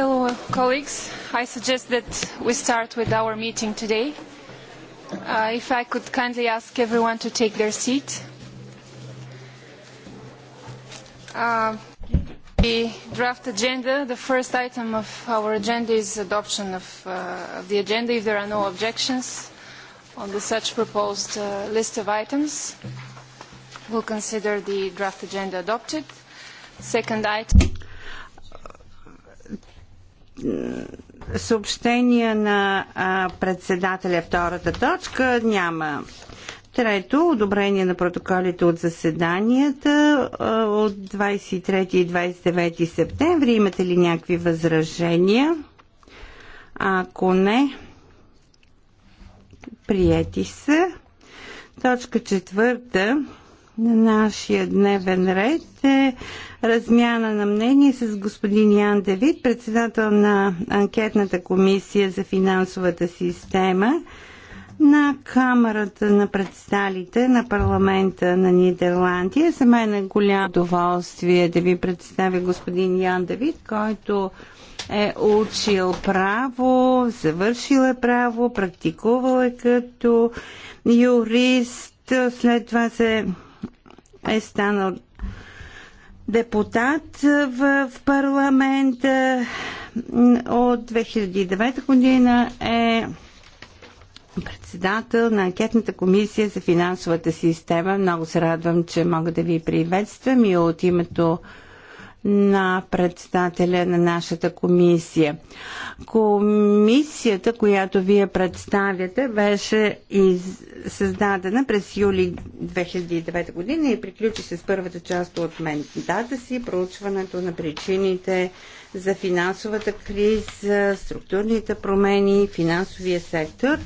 Hello, colleagues. I suggest that we start with our meeting today. Uh, if I could kindly ask everyone to take their seat. Uh, the draft agenda, the first item of our agenda is adoption of, uh, of the agenda if there are no objections on the such proposed uh, list of items. We'll consider the draft agenda adopted. Second item съобщения на председателя втората точка няма. Трето, одобрение на протоколите от заседанията от 23 и 29 септември. Имате ли някакви възражения? Ако не, приети се Точка четвърта на нашия дневен ред е размяна на мнение с господин Ян Давид, председател на анкетната комисия за финансовата система на Камерата на представите на парламента на Нидерландия. За мен е голямо удоволствие да ви представя господин Ян Давид, който е учил право, завършил е право, практикувал е като юрист, след това се е станал депутат в парламента от 2009 година е председател на анкетната комисия за финансовата система. Много се радвам, че мога да ви приветствам и от името на председателя на нашата комисия. Комисията, която вие представяте, беше из... създадена през юли 2009 година и приключи се с първата част от мандата си, проучването на причините за финансовата криза, структурните промени, финансовия сектор.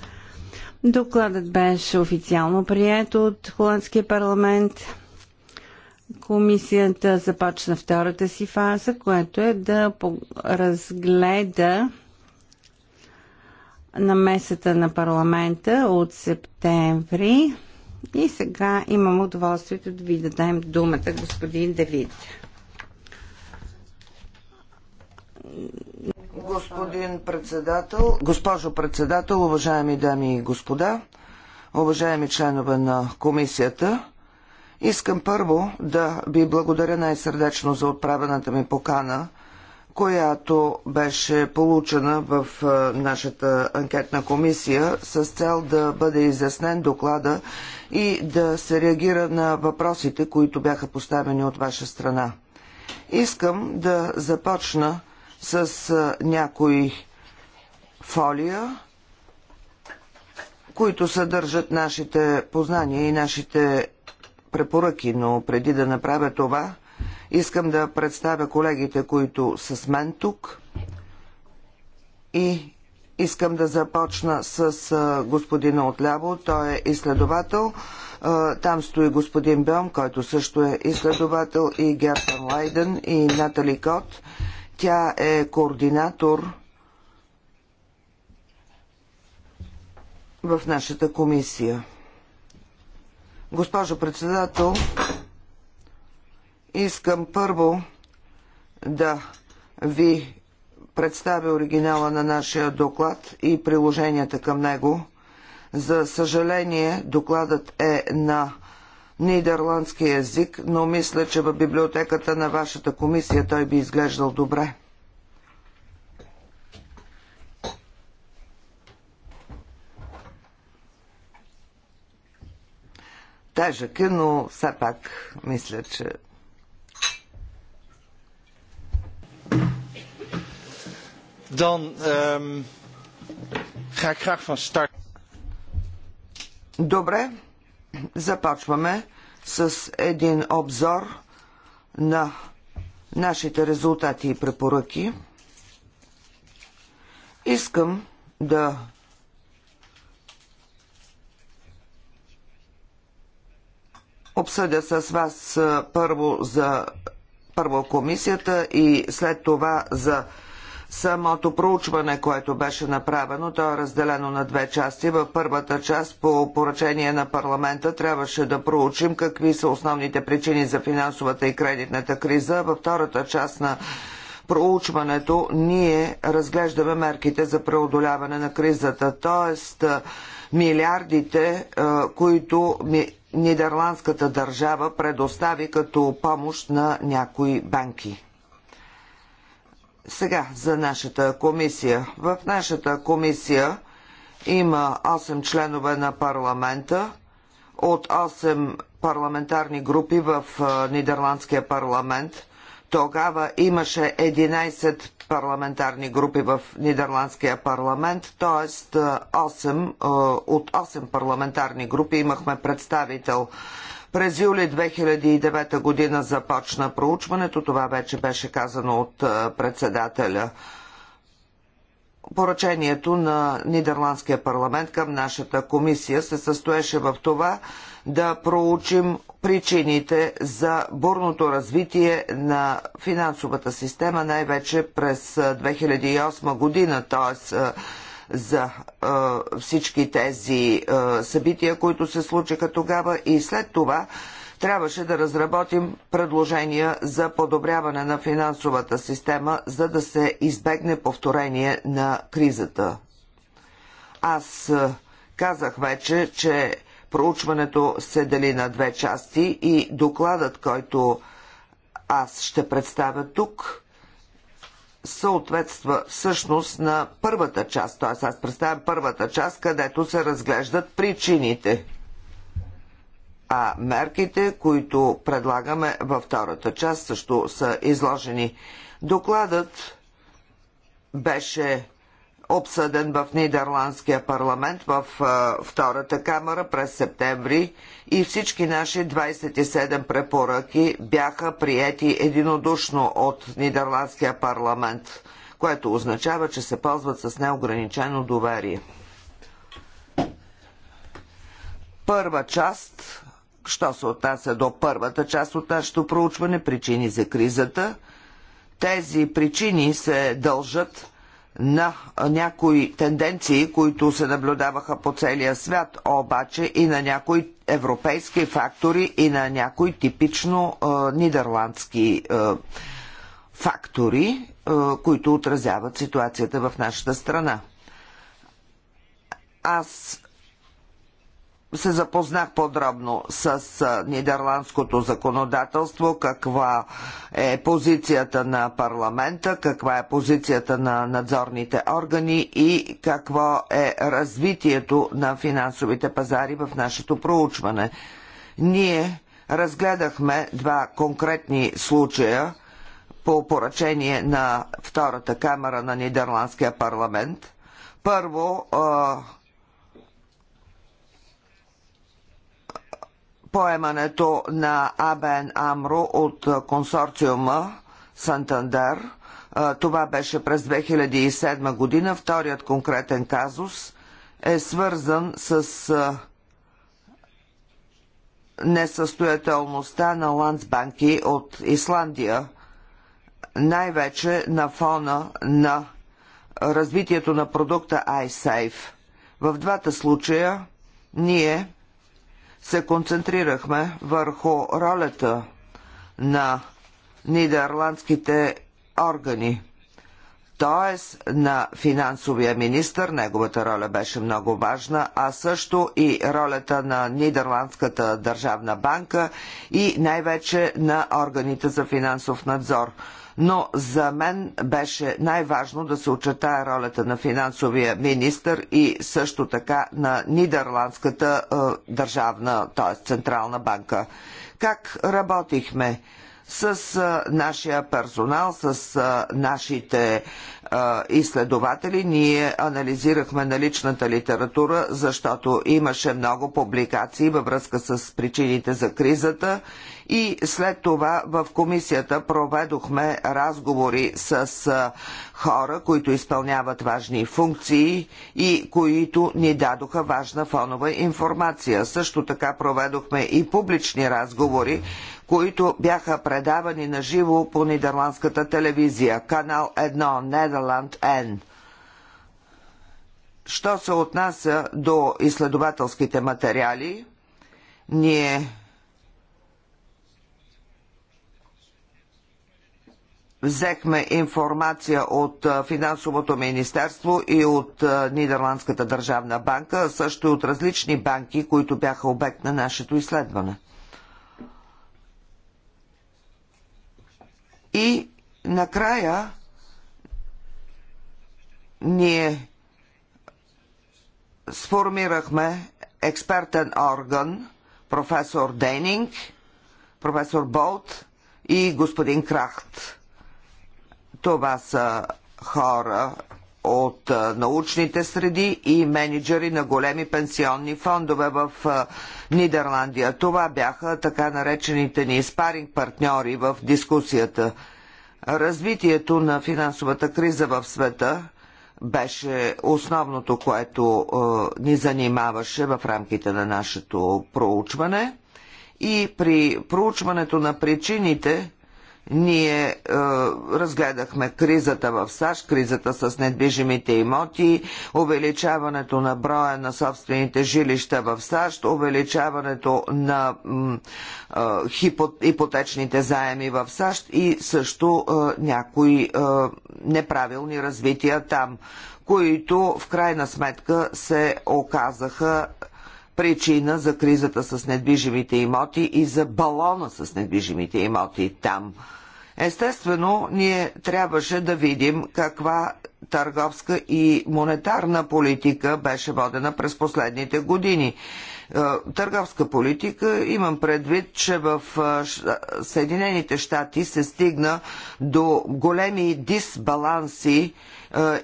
Докладът беше официално прият от Холандския парламент Комисията започна втората си фаза, което е да разгледа намесата на парламента от септември. И сега имам удоволствието да ви дадем думата, господин Давид. Господин председател, госпожо председател, уважаеми дами и господа, уважаеми членове на комисията, Искам първо да ви благодаря най-сърдечно за отправената ми покана, която беше получена в нашата анкетна комисия с цел да бъде изяснен доклада и да се реагира на въпросите, които бяха поставени от ваша страна. Искам да започна с някои фолия, които съдържат нашите познания и нашите препоръки, но преди да направя това, искам да представя колегите, които са с мен тук и искам да започна с господина отляво. Той е изследовател. Там стои господин Бьом, който също е изследовател, и Гертан Лайден, и Натали Кот. Тя е координатор в нашата комисия. Госпожо председател, искам първо да ви представя оригинала на нашия доклад и приложенията към него. За съжаление, докладът е на нидерландски язик, но мисля, че в библиотеката на вашата комисия той би изглеждал добре. Тежък е, но все пак мисля, че dan um, ga ik graag van start. Добре, започваме с един обзор на нашите резултати и препоръки. Искам да обсъдя с вас първо за първо комисията и след това за самото проучване, което беше направено, то е разделено на две части. В първата част по поръчение на парламента трябваше да проучим какви са основните причини за финансовата и кредитната криза. Във втората част на проучването ние разглеждаме мерките за преодоляване на кризата, т.е. милиардите, които нидерландската държава предостави като помощ на някои банки. Сега за нашата комисия. В нашата комисия има 8 членове на парламента от 8 парламентарни групи в Нидерландския парламент. Тогава имаше 11 парламентарни групи в Нидерландския парламент, т.е. 8, от 8 парламентарни групи имахме представител. През юли 2009 година започна проучването, това вече беше казано от председателя. Поръчението на Нидерландския парламент към нашата комисия се състоеше в това да проучим причините за бурното развитие на финансовата система, най-вече през 2008 година, т.е. за всички тези събития, които се случиха тогава и след това трябваше да разработим предложения за подобряване на финансовата система, за да се избегне повторение на кризата. Аз казах вече, че проучването се дели на две части и докладът, който аз ще представя тук, съответства всъщност на първата част, т.е. аз представям първата част, където се разглеждат причините, а мерките, които предлагаме във втората част, също са изложени. Докладът беше обсъден в Нидерландския парламент в втората камера през септември и всички наши 27 препоръки бяха приети единодушно от Нидерландския парламент, което означава, че се ползват с неограничено доверие. Първа част, що се отнася до първата част от нашето проучване, причини за кризата. Тези причини се дължат на някои тенденции, които се наблюдаваха по целия свят, обаче и на някои европейски фактори и на някои типично е, нидерландски е, фактори, е, които отразяват ситуацията в нашата страна. Аз се запознах подробно с нидерландското законодателство, каква е позицията на парламента, каква е позицията на надзорните органи и какво е развитието на финансовите пазари в нашето проучване. Ние разгледахме два конкретни случая по поръчение на втората камера на Нидерландския парламент. Първо, поемането на АБН Амро от консорциума Сантандер. Това беше през 2007 година. Вторият конкретен казус е свързан с несъстоятелността на ландсбанки от Исландия, най-вече на фона на развитието на продукта iSafe. В двата случая ние се концентрирахме върху ролята на нидерландските органи т.е. на финансовия министр. Неговата роля беше много важна, а също и ролята на Нидерландската държавна банка и най-вече на органите за финансов надзор но за мен беше най-важно да се очертая ролята на финансовия министр и също така на Нидерландската е, държавна, т.е. Централна банка. Как работихме? с нашия персонал, с нашите изследователи. Ние анализирахме наличната литература, защото имаше много публикации във връзка с причините за кризата и след това в комисията проведохме разговори с хора, които изпълняват важни функции и които ни дадоха важна фонова информация. Също така проведохме и публични разговори, които бяха предавани на живо по нидерландската телевизия. Канал 1 Нед Федерланд Н. Що се отнася до изследователските материали, ние взехме информация от Финансовото министерство и от Нидерландската държавна банка, също и от различни банки, които бяха обект на нашето изследване. И накрая ние сформирахме експертен орган, професор Дейнинг, професор Болт и господин Крахт. Това са хора от научните среди и менеджери на големи пенсионни фондове в Нидерландия. Това бяха така наречените ни спаринг партньори в дискусията. Развитието на финансовата криза в света беше основното, което е, ни занимаваше в рамките на нашето проучване. И при проучването на причините ние е, разгледахме кризата в САЩ, кризата с недвижимите имоти, увеличаването на броя на собствените жилища в САЩ, увеличаването на е, ипотечните заеми в САЩ и също е, някои е, неправилни развития там, които в крайна сметка се оказаха причина за кризата с недвижимите имоти и за балона с недвижимите имоти там. Естествено, ние трябваше да видим каква търговска и монетарна политика беше водена през последните години. Е, търговска политика имам предвид, че в е, Съединените щати се стигна до големи дисбаланси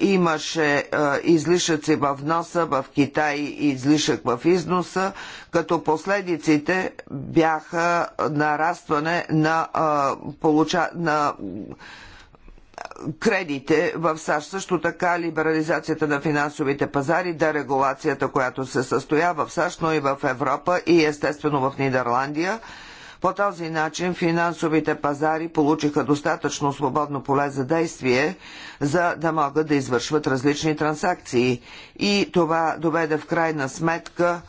имаше излишъци в вноса, в Китай и излишък в износа, като последиците бяха нарастване на, получа... на кредите в САЩ, също така либерализацията на финансовите пазари, дерегулацията, която се състоя в САЩ, но и в Европа и естествено в Нидерландия – по този начин финансовите пазари получиха достатъчно свободно поле за действие, за да могат да извършват различни транзакции. И това доведе в крайна сметка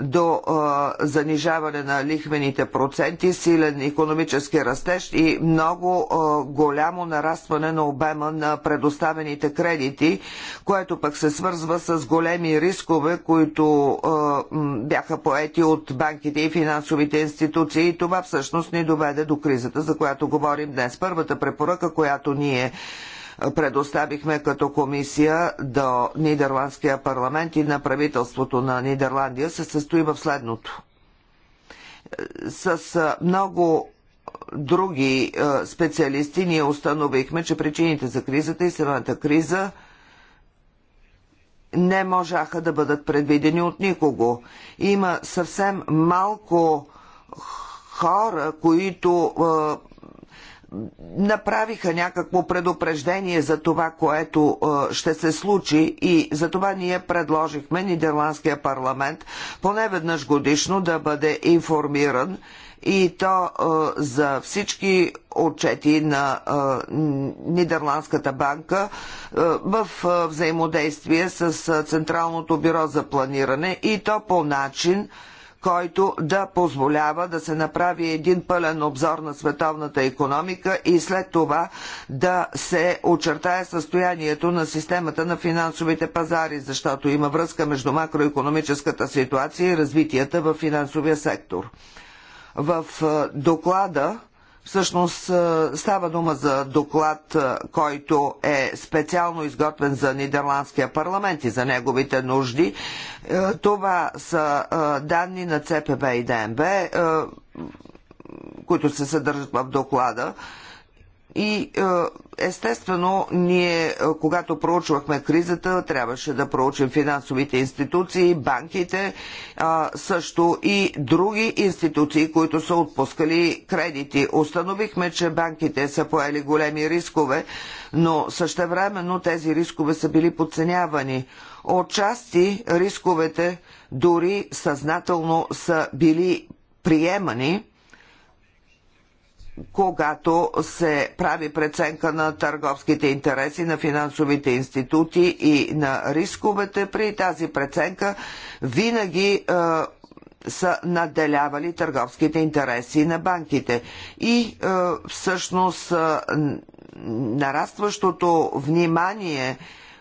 до а, занижаване на лихвените проценти, силен економически растеж и много а, голямо нарастване на обема на предоставените кредити, което пък се свързва с големи рискове, които а, бяха поети от банките и финансовите институции. И това всъщност ни доведе до кризата, за която говорим днес. Първата препоръка, която ние предоставихме като комисия до Нидерландския парламент и на правителството на Нидерландия се състои в следното. С много други специалисти ние установихме, че причините за кризата и средната криза не можаха да бъдат предвидени от никого. Има съвсем малко хора, които направиха някакво предупреждение за това, което е, ще се случи и за това ние предложихме Нидерландския парламент поне веднъж годишно да бъде информиран и то е, за всички отчети на е, Нидерландската банка е, в е, взаимодействие с е, Централното бюро за планиране и то по начин, който да позволява да се направи един пълен обзор на световната економика и след това да се очертае състоянието на системата на финансовите пазари, защото има връзка между макроекономическата ситуация и развитията в финансовия сектор. В е, доклада Всъщност става дума за доклад, който е специално изготвен за Нидерландския парламент и за неговите нужди. Това са данни на ЦПБ и ДНБ, които се съдържат в доклада. И е, естествено, ние, е, когато проучвахме кризата, трябваше да проучим финансовите институции, банките, е, също и други институции, които са отпускали кредити. Установихме, че банките са поели големи рискове, но същевременно тези рискове са били подценявани. Отчасти рисковете дори съзнателно са били приемани когато се прави преценка на търговските интереси на финансовите институти и на рисковете. При тази преценка винаги е, са наделявали търговските интереси на банките. И е, всъщност е, нарастващото внимание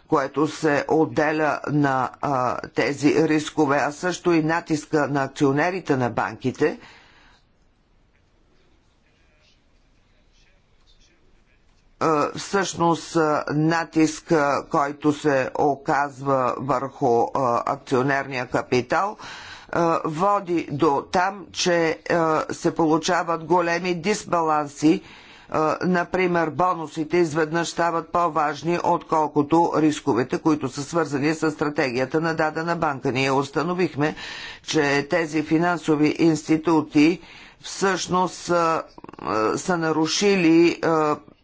което се отделя на а, е, тези рискове, а също и натиска на акционерите на банките – всъщност натиск, който се оказва върху акционерния капитал, води до там, че се получават големи дисбаланси. Например, бонусите изведнъж стават по-важни, отколкото рисковете, които са свързани с стратегията на дадена банка. Ние установихме, че тези финансови институти всъщност са, нарушили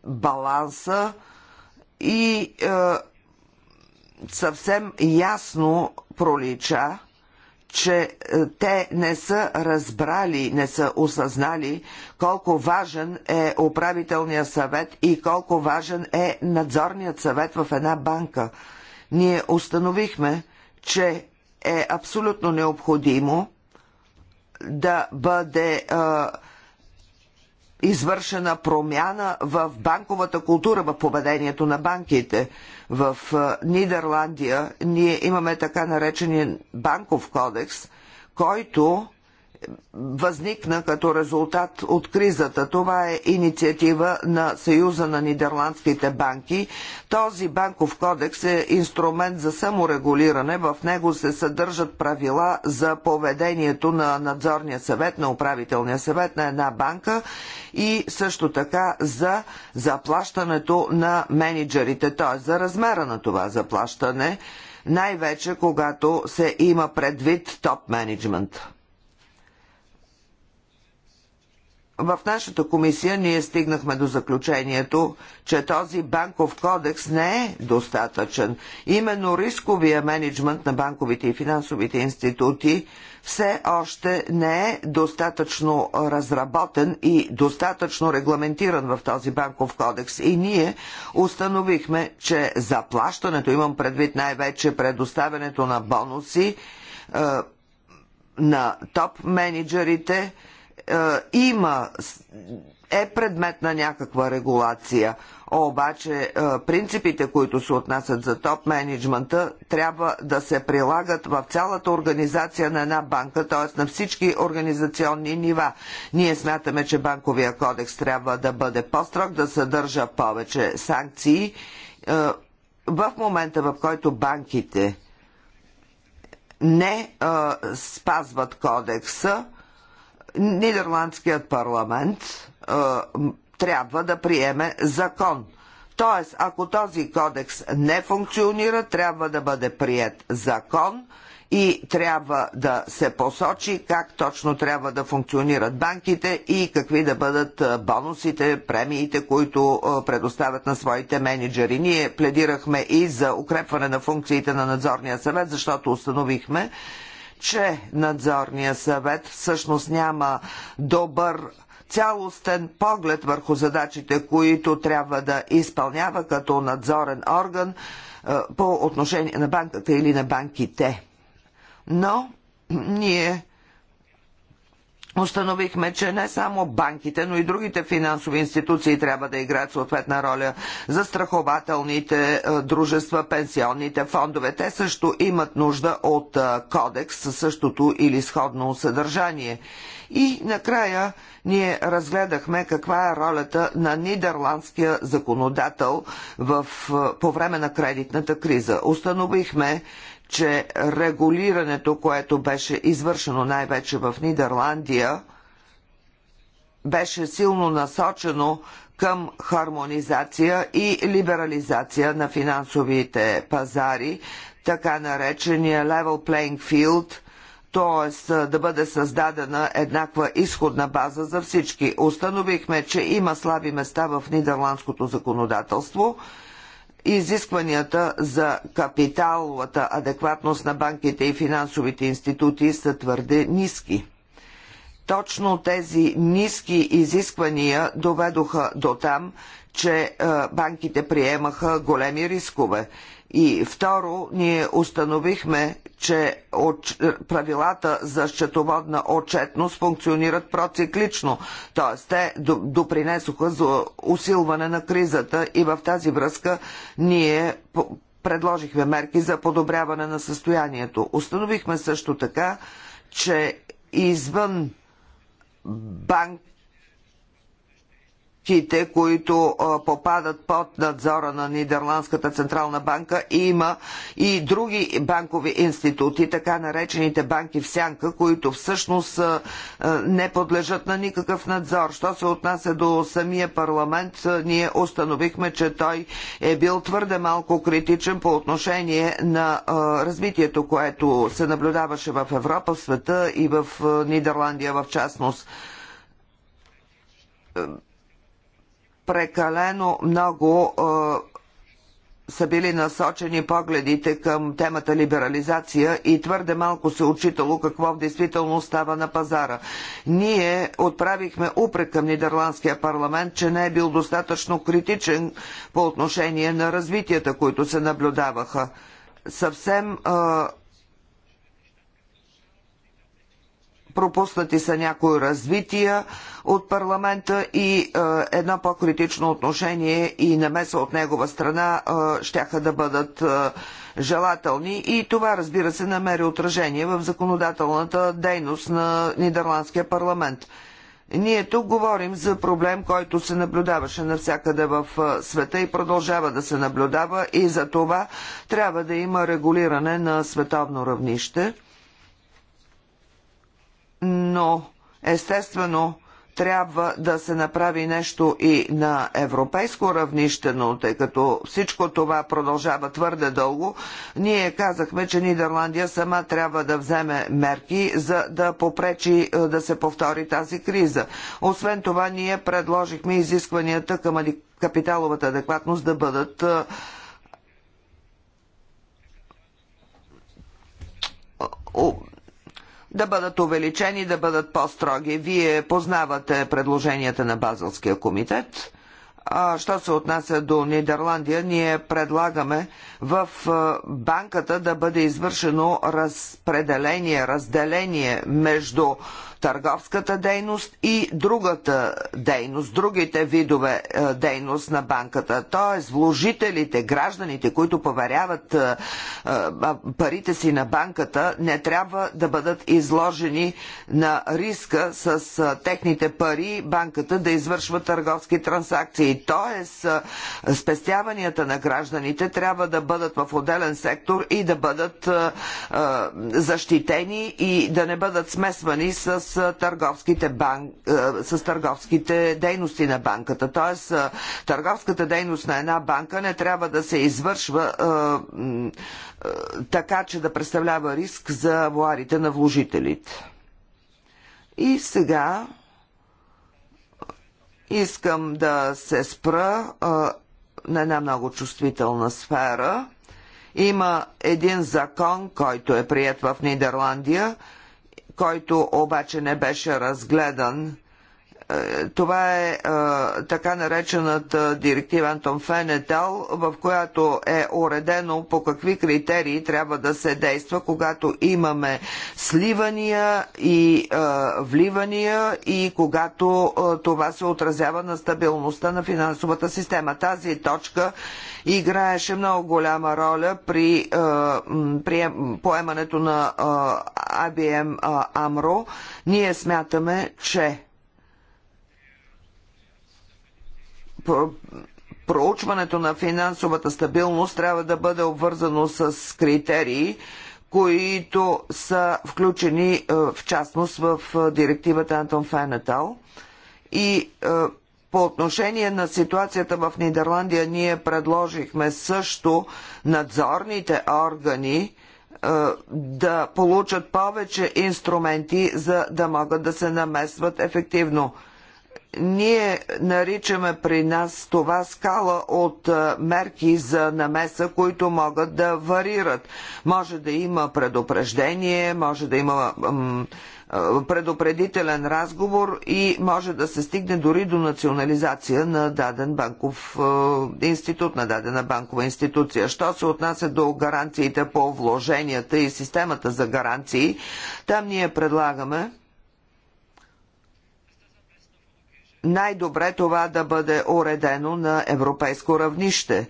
баланса и е, съвсем ясно пролича, че е, те не са разбрали, не са осъзнали колко важен е управителният съвет и колко важен е надзорният съвет в една банка. Ние установихме, че е абсолютно необходимо да бъде Е, извършена промяна в банковата култура, в поведението на банките. В Нидерландия ние имаме така наречения банков кодекс, който възникна като резултат от кризата. Това е инициатива на Съюза на нидерландските банки. Този банков кодекс е инструмент за саморегулиране. В него се съдържат правила за поведението на надзорния съвет, на управителния съвет на една банка и също така за заплащането на менеджерите, т.е. за размера на това заплащане най-вече когато се има предвид топ менеджмент. в нашата комисия ние стигнахме до заключението, че този банков кодекс не е достатъчен. Именно рисковия менеджмент на банковите и финансовите институти все още не е достатъчно разработен и достатъчно регламентиран в този банков кодекс. И ние установихме, че заплащането, имам предвид най-вече предоставянето на бонуси е, на топ менеджерите, е, има, е предмет на някаква регулация. Обаче е, принципите, които се отнасят за топ менеджмента, трябва да се прилагат в цялата организация на една банка, т.е. на всички организационни нива. Ние смятаме, че банковия кодекс трябва да бъде по-строг, да съдържа повече санкции. Е, в момента, в който банките не спазват кодекса, Нидерландският парламент е, трябва да приеме закон. Тоест, ако този кодекс не функционира, трябва да бъде прият закон и трябва да се посочи как точно трябва да функционират банките и какви да бъдат бонусите, премиите, които предоставят на своите менеджери. Ние пледирахме и за укрепване на функциите на надзорния съвет, защото установихме, че надзорния съвет всъщност няма добър цялостен поглед върху задачите, които трябва да изпълнява като надзорен орган е, по отношение на банката или на банките. Но ние Установихме, че не само банките, но и другите финансови институции трябва да играят съответна роля. Застрахователните е, дружества, пенсионните фондове, те също имат нужда от е, кодекс със същото или сходно съдържание. И накрая ние разгледахме каква е ролята на нидерландския законодател в, е, по време на кредитната криза. Установихме, че регулирането, което беше извършено най-вече в Нидерландия, беше силно насочено към хармонизация и либерализация на финансовите пазари, така наречения level playing field, т.е. да бъде създадена еднаква изходна база за всички. Установихме, че има слаби места в нидерландското законодателство – Изискванията за капиталовата адекватност на банките и финансовите институти са твърде ниски. Точно тези ниски изисквания доведоха до там, че е, банките приемаха големи рискове. И второ, ние установихме, че правилата за счетоводна отчетност функционират проциклично, т.е. те допринесоха за усилване на кризата и в тази връзка ние предложихме мерки за подобряване на състоянието. Установихме също така, че извън банк банките, които попадат под надзора на Нидерландската централна банка, има и други банкови институти, така наречените банки в сянка, които всъщност не подлежат на никакъв надзор. Що се отнася до самия парламент, ние установихме, че той е бил твърде малко критичен по отношение на развитието, което се наблюдаваше в Европа, в света и в Нидерландия в частност прекалено много са били насочени погледите към темата либерализация и твърде малко се отчитало какво в действителност става на пазара. Ние отправихме упрек към Нидерландския парламент, че не е бил достатъчно критичен по отношение на развитията, които се наблюдаваха. Съвсем а, пропуснати са някои развития от парламента и е, едно по-критично отношение и намеса от негова страна е, щяха да бъдат е, желателни и това разбира се намери отражение в законодателната дейност на Нидерландския парламент. Ние тук говорим за проблем, който се наблюдаваше навсякъде в е, света и продължава да се наблюдава и за това трябва да има регулиране на световно равнище но естествено трябва да се направи нещо и на европейско равнище, но тъй като всичко това продължава твърде дълго, ние казахме, че Нидерландия сама трябва да вземе мерки, за да попречи е, да се повтори тази криза. Освен това, ние предложихме изискванията към капиталовата адекватност да бъдат е, да бъдат увеличени, да бъдат по-строги. Вие познавате предложенията на Базълския комитет. А, що се отнася до Нидерландия, ние предлагаме в банката да бъде извършено разпределение, разделение между търговската дейност и другата дейност, другите видове е, дейност на банката. Тоест, вложителите, гражданите, които поверяват е, е, парите си на банката, не трябва да бъдат изложени на риска с техните пари банката да извършва търговски транзакции. Тоест, спестяванията на гражданите трябва да бъдат в отделен сектор и да бъдат защитени и да не бъдат смесвани с с търговските, с търговските дейности на банката. Тоест, търговската дейност на една банка не трябва да се извършва така, че да представлява риск за вуарите на вложителите. И сега искам да се спра на една много чувствителна сфера. Има един закон, който е прият в Нидерландия – който обаче не беше разгледан е, това е, е така наречената директива Антон Фенетал, в която е уредено по какви критерии трябва да се действа, когато имаме сливания и е, вливания и когато това се отразява на стабилността на финансовата система. Тази точка играеше много голяма роля при, при поемането на АБМ Амро. Ние смятаме, че проучването на финансовата стабилност трябва да бъде обвързано с критерии, които са включени е, в частност в е, директивата Антон Фенетал. И е, по отношение на ситуацията в Нидерландия ние предложихме също надзорните органи да получат повече инструменти, за да могат да се наместват ефективно. Ние наричаме при нас това скала от е, мерки за намеса, които могат да варират. Може да има предупреждение, може да има е, предупредителен разговор и може да се стигне дори до национализация на даден банков е, институт, на дадена банкова институция. Що се отнася до гаранциите по вложенията и системата за гаранции, там ние предлагаме най-добре това да бъде уредено на европейско равнище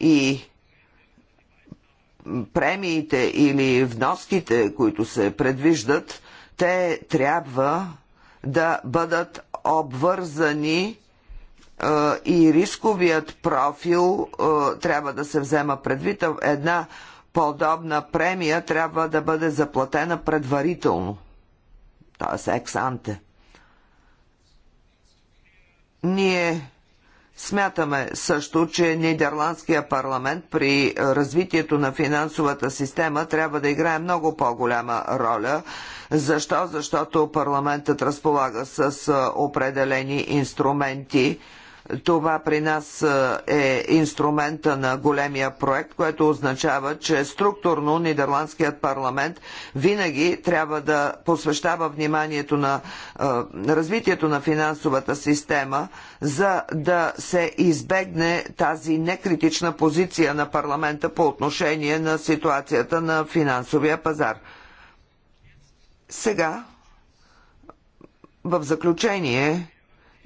и премиите или вноските, които се предвиждат, те трябва да бъдат обвързани е, и рисковият профил е, трябва да се взема предвид. Една подобна премия трябва да бъде заплатена предварително, т.е. ексанте. Ние Смятаме също, че Нидерландския парламент при развитието на финансовата система трябва да играе много по-голяма роля. Защо? Защото парламентът разполага с определени инструменти, това при нас е, е инструмента на големия проект, което означава, че структурно Нидерландският парламент винаги трябва да посвещава вниманието на е, развитието на финансовата система, за да се избегне тази некритична позиция на парламента по отношение на ситуацията на финансовия пазар. Сега, в заключение,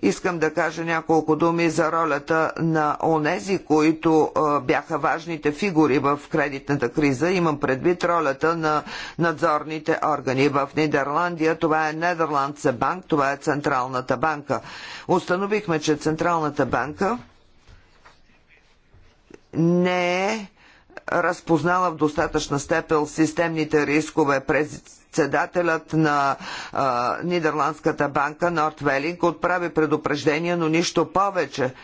Искам да кажа няколко думи за ролята на онези, които бяха важните фигури в кредитната криза. Имам предвид ролята на надзорните органи. В Нидерландия това е Нидерландсе банк, това е Централната банка. Установихме, че Централната банка не е разпознала в достатъчна степен системните рискове през председателят на а, Нидерландската банка Норт Велинг отправи предупреждение, но нищо повече.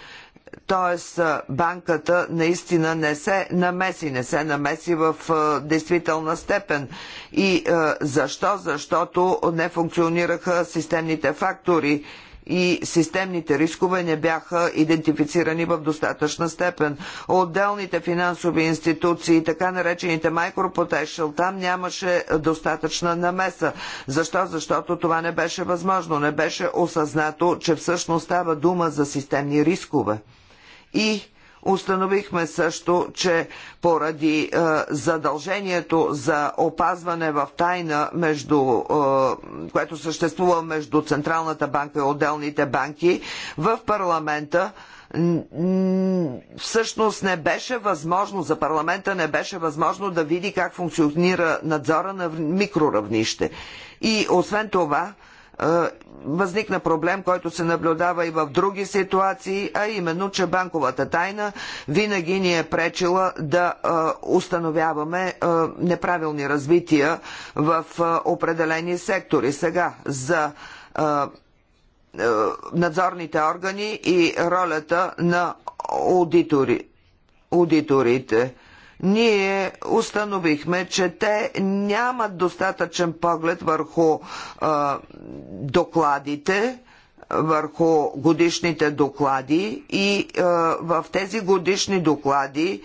Тоест банката наистина не се намеси, не се намеси в а, действителна степен. И а, защо? Защото не функционираха системните фактори и системните рискове не бяха идентифицирани в достатъчна степен. Отделните финансови институции, така наречените micropotential, там нямаше достатъчна намеса. Защо? Защото това не беше възможно. Не беше осъзнато, че всъщност става дума за системни рискове. И Установихме също, че поради е, задължението за опазване в тайна, между, е, което съществува между Централната банка и отделните банки, в парламента всъщност не беше възможно, за парламента не беше възможно да види как функционира надзора на микроравнище. И освен това, възникна проблем, който се наблюдава и в други ситуации, а именно, че банковата тайна винаги ни е пречила да установяваме неправилни развития в определени сектори. Сега за надзорните органи и ролята на аудитори, аудиторите ние установихме, че те нямат достатъчен поглед върху а, докладите, върху годишните доклади и а, в тези годишни доклади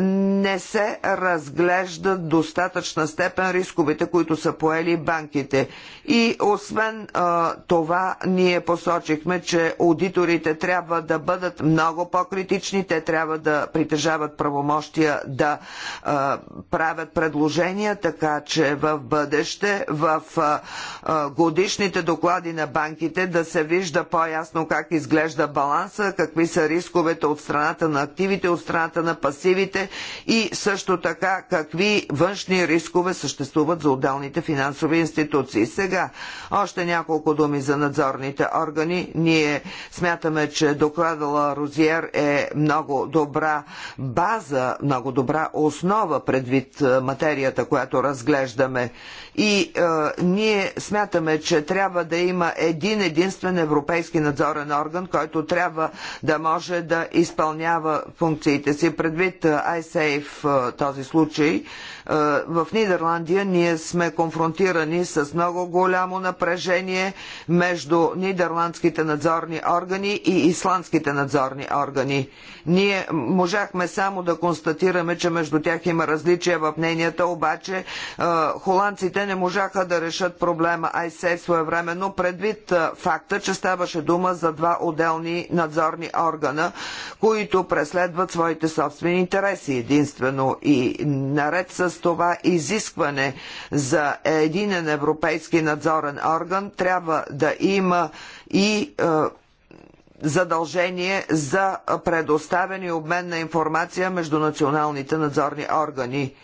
не се разглеждат достатъчна степен рисковете, които са поели банките. И освен а, това, ние посочихме, че аудиторите трябва да бъдат много по-критични, те трябва да притежават правомощия да а, правят предложения, така че в бъдеще, в а, а, годишните доклади на банките да се вижда по-ясно как изглежда баланса, какви са рисковете от страната на активите, от страната на пасивите, и също така какви външни рискове съществуват за отделните финансови институции. Сега още няколко думи за надзорните органи. Ние смятаме, че доклада Ла Розиер е много добра база, много добра основа предвид е, материята, която разглеждаме. И е, ние смятаме, че трябва да има един единствен европейски надзорен орган, който трябва да може да изпълнява функциите си. Предвид е, iSafe е този случай е, в Нидерландия ние сме конфронтирани с много голямо напрежение между нидерландските надзорни органи и исландските надзорни органи. Ние можахме само да констатираме, че между тях има различия в мненията, обаче е, холандците не можаха да решат проблема ISEF своевременно предвид е, факта, че ставаше дума за два отделни надзорни органа, които преследват своите собствени интереси единствено и наред с с това изискване за единен европейски надзорен орган, трябва да има и е, задължение за предоставяне и обмен на информация между националните надзорни органи.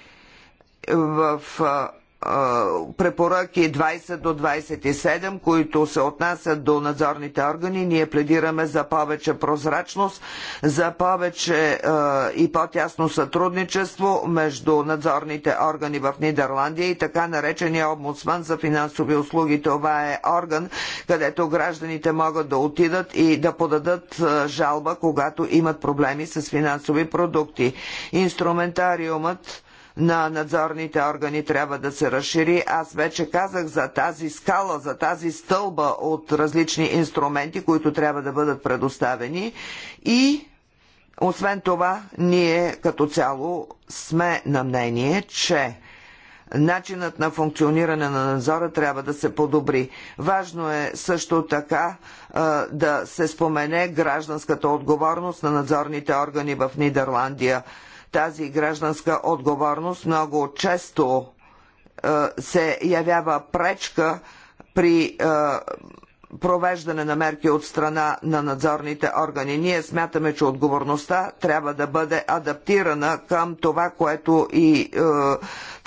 В е, препоръки 20 до 27, които се отнасят до надзорните органи. Ние пледираме за повече прозрачност, за повече и по-тясно сътрудничество между надзорните органи в Нидерландия и така наречения омбудсман за финансови услуги. Това е орган, където гражданите могат да отидат и да подадат жалба, когато имат проблеми с финансови продукти. Инструментариумът на надзорните органи трябва да се разшири. Аз вече казах за тази скала, за тази стълба от различни инструменти, които трябва да бъдат предоставени и освен това, ние като цяло сме на мнение, че начинът на функциониране на надзора трябва да се подобри. Важно е също така да се спомене гражданската отговорност на надзорните органи в Нидерландия. Тази гражданска отговорност много често е, се явява пречка при е, провеждане на мерки от страна на надзорните органи. Ние смятаме, че отговорността трябва да бъде адаптирана към това, което и е,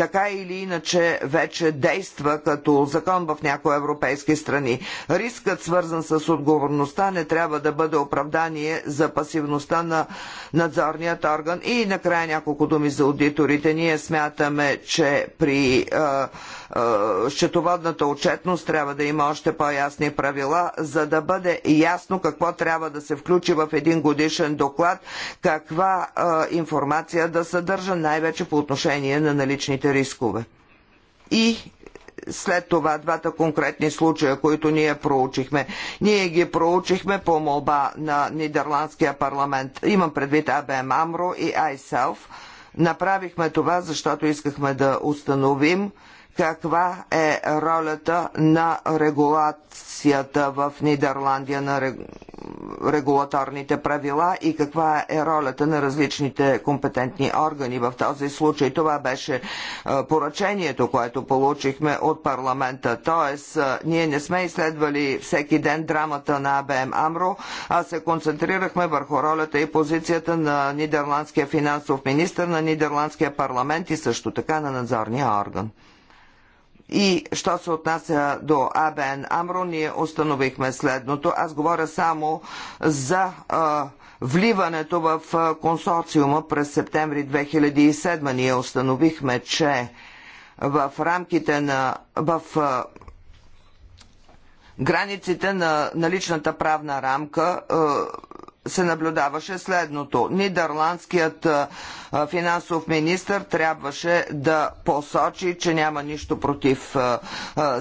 така или иначе вече действа като закон в някои европейски страни. Рискът, свързан с отговорността, не трябва да бъде оправдание за пасивността на надзорният орган. И накрая няколко думи за аудиторите. Ние смятаме, че при е, счетоводната отчетност трябва да има още по-ясни правила, за да бъде ясно какво трябва да се включи в един годишен доклад, каква е, информация да съдържа най-вече по отношение на наличните рискове. И след това двата конкретни случая, които ние проучихме. Ние ги проучихме по молба на Нидерландския парламент. Имам предвид АБМ Амро и iSelf. Направихме това, защото искахме да установим каква е ролята на регулацията в Нидерландия на регулаторните правила и каква е ролята на различните компетентни органи в този случай. Това беше е, поръчението, което получихме от парламента. Тоест, е, ние не сме изследвали всеки ден драмата на АБМ Амро, а се концентрирахме върху ролята и позицията на нидерландския финансов министр, на нидерландския парламент и също така на надзорния орган. И що се отнася до АБН Амро, ние установихме следното. Аз говоря само за а, вливането в консорциума през септември 2007. Ние установихме, че в рамките на. в а, границите на наличната правна рамка а, се наблюдаваше следното. Нидерландският финансов министр трябваше да посочи, че няма нищо против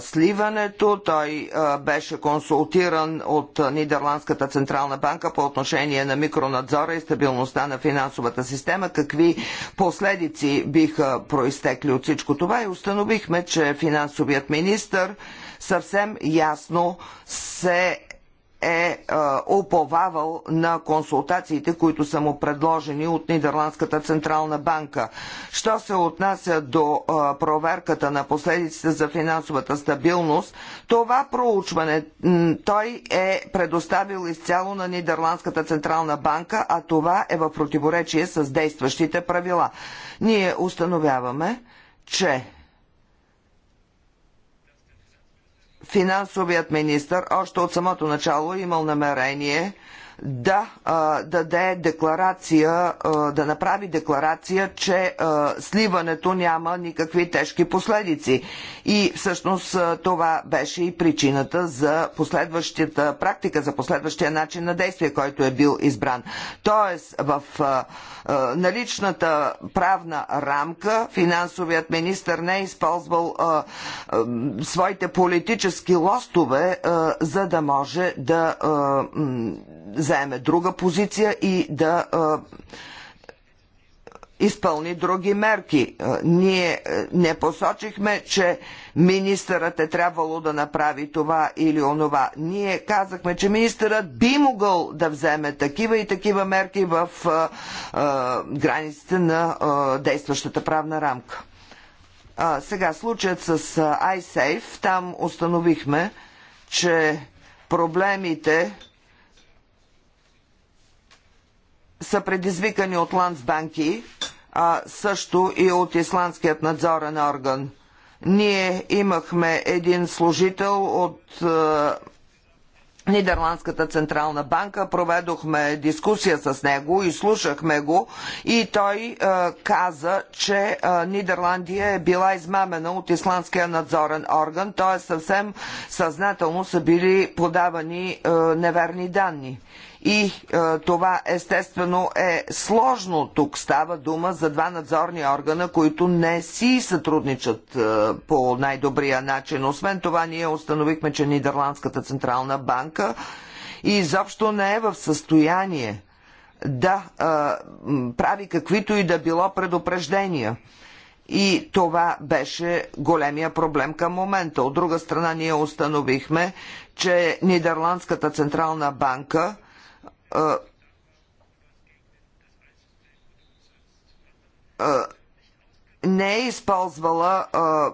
сливането. Той беше консултиран от Нидерландската централна банка по отношение на микронадзора и стабилността на финансовата система. Какви последици биха проистекли от всичко това и установихме, че финансовият министр съвсем ясно се е оповавал е, на консултациите, които са му предложени от Нидерландската централна банка. Що се отнася до е, проверката на последиците за финансовата стабилност, това проучване той е предоставил изцяло на Нидерландската централна банка, а това е в противоречие с действащите правила. Ние установяваме, че финансовият министър, още от самото начало имал намерение да а, даде декларация, а, да направи декларация, че а, сливането няма никакви тежки последици. И всъщност а, това беше и причината за последващата практика, за последващия начин на действие, който е бил избран. Тоест, в а, а, наличната правна рамка финансовият министр не е използвал а, а, своите политически лостове, а, за да може да. А, заеме друга позиция и да изпълни други мерки. Ние не посочихме, че министърът е трябвало да направи това или онова. Ние казахме, че министърът би могъл да вземе такива и такива мерки в а, а, границите на а, действащата правна рамка. А, сега случаят с iSafe, там установихме, че проблемите са предизвикани от Ландсбанки, а също и от Исландският надзорен орган. Ние имахме един служител от е, Нидерландската централна банка, проведохме дискусия с него и слушахме го и той е, каза, че е, Нидерландия е била измамена от исландския надзорен орган, т.е. съвсем съзнателно са били подавани е, неверни данни. И е, това естествено е сложно. Тук става дума за два надзорни органа, които не си сътрудничат е, по най-добрия начин. Освен това, ние установихме, че Нидерландската централна банка изобщо не е в състояние да прави каквито и да било предупреждения. И това беше големия проблем към момента. От друга страна ние установихме, че Нидерландската централна банка а, а, не е използвала а,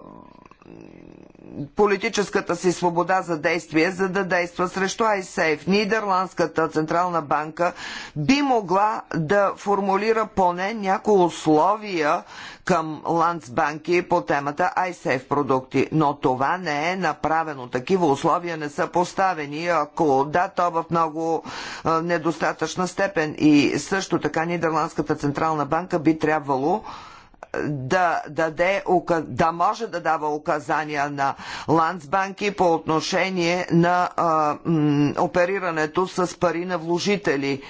политическата си свобода за действие, за да действа срещу Айсейф, Нидерландската централна банка би могла да формулира поне някои условия към Ландсбанки по темата Айсейф продукти, но това не е направено. Такива условия не са поставени. Ако да, то в много недостатъчна степен. И също така Нидерландската централна банка би трябвало да, даде, да може да дава указания на ландсбанки по отношение на а, м, оперирането с пари на вложители.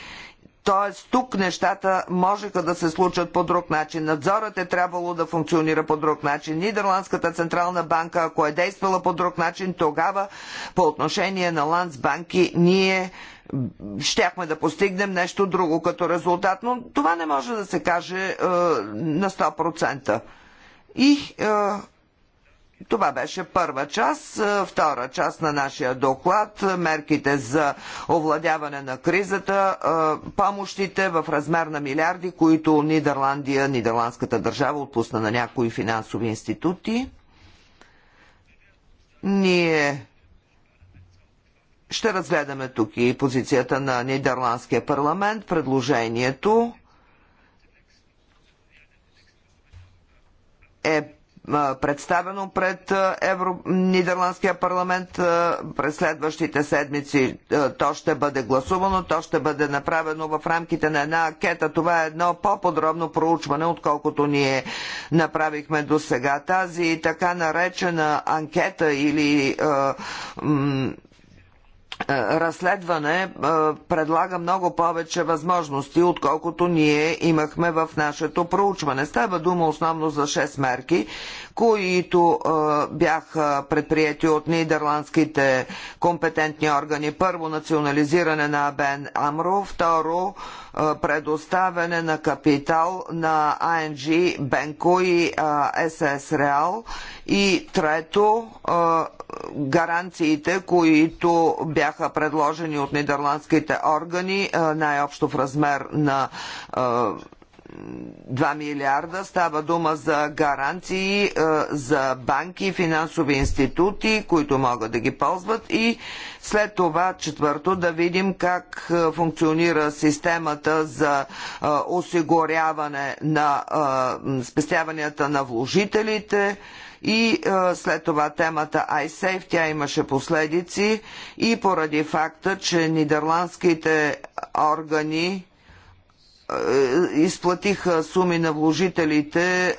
Тоест тук нещата можеха да се случат по друг начин. Надзорът е трябвало да функционира по друг начин. Нидерландската централна банка, ако е действала по друг начин, тогава по отношение на ландсбанки ние щяхме да постигнем нещо друго като резултат, но това не може да се каже е, на 100%. И е, това беше първа част. Е, втора част на нашия доклад е, мерките за овладяване на кризата, е, помощите в размер на милиарди, които Нидерландия, нидерландската държава отпусна на някои финансови институти. Ние ще разгледаме тук и позицията на Нидерландския парламент, предложението е представено пред Евро... Нидерландския парламент. През следващите седмици то ще бъде гласувано, то ще бъде направено в рамките на една анкета. Това е едно по-подробно проучване, отколкото ние направихме до сега. Тази така наречена анкета или е, разследване е, предлага много повече възможности, отколкото ние имахме в нашето проучване. Става дума основно за 6 мерки, които е, бяха предприяти от нидерландските компетентни органи. Първо, национализиране на АБН Амро. Второ, предоставяне на капитал на АНГ, Бенко и СС Реал и трето гаранциите, които бяха предложени от нидерландските органи най-общо в размер на 2 милиарда. Става дума за гаранции е, за банки и финансови институти, които могат да ги ползват. И след това, четвърто, да видим как е, функционира системата за е, осигуряване на спестяванията на вложителите и е, след това темата iSafe, тя имаше последици и поради факта, че нидерландските органи е, изплатиха суми на вложителите е,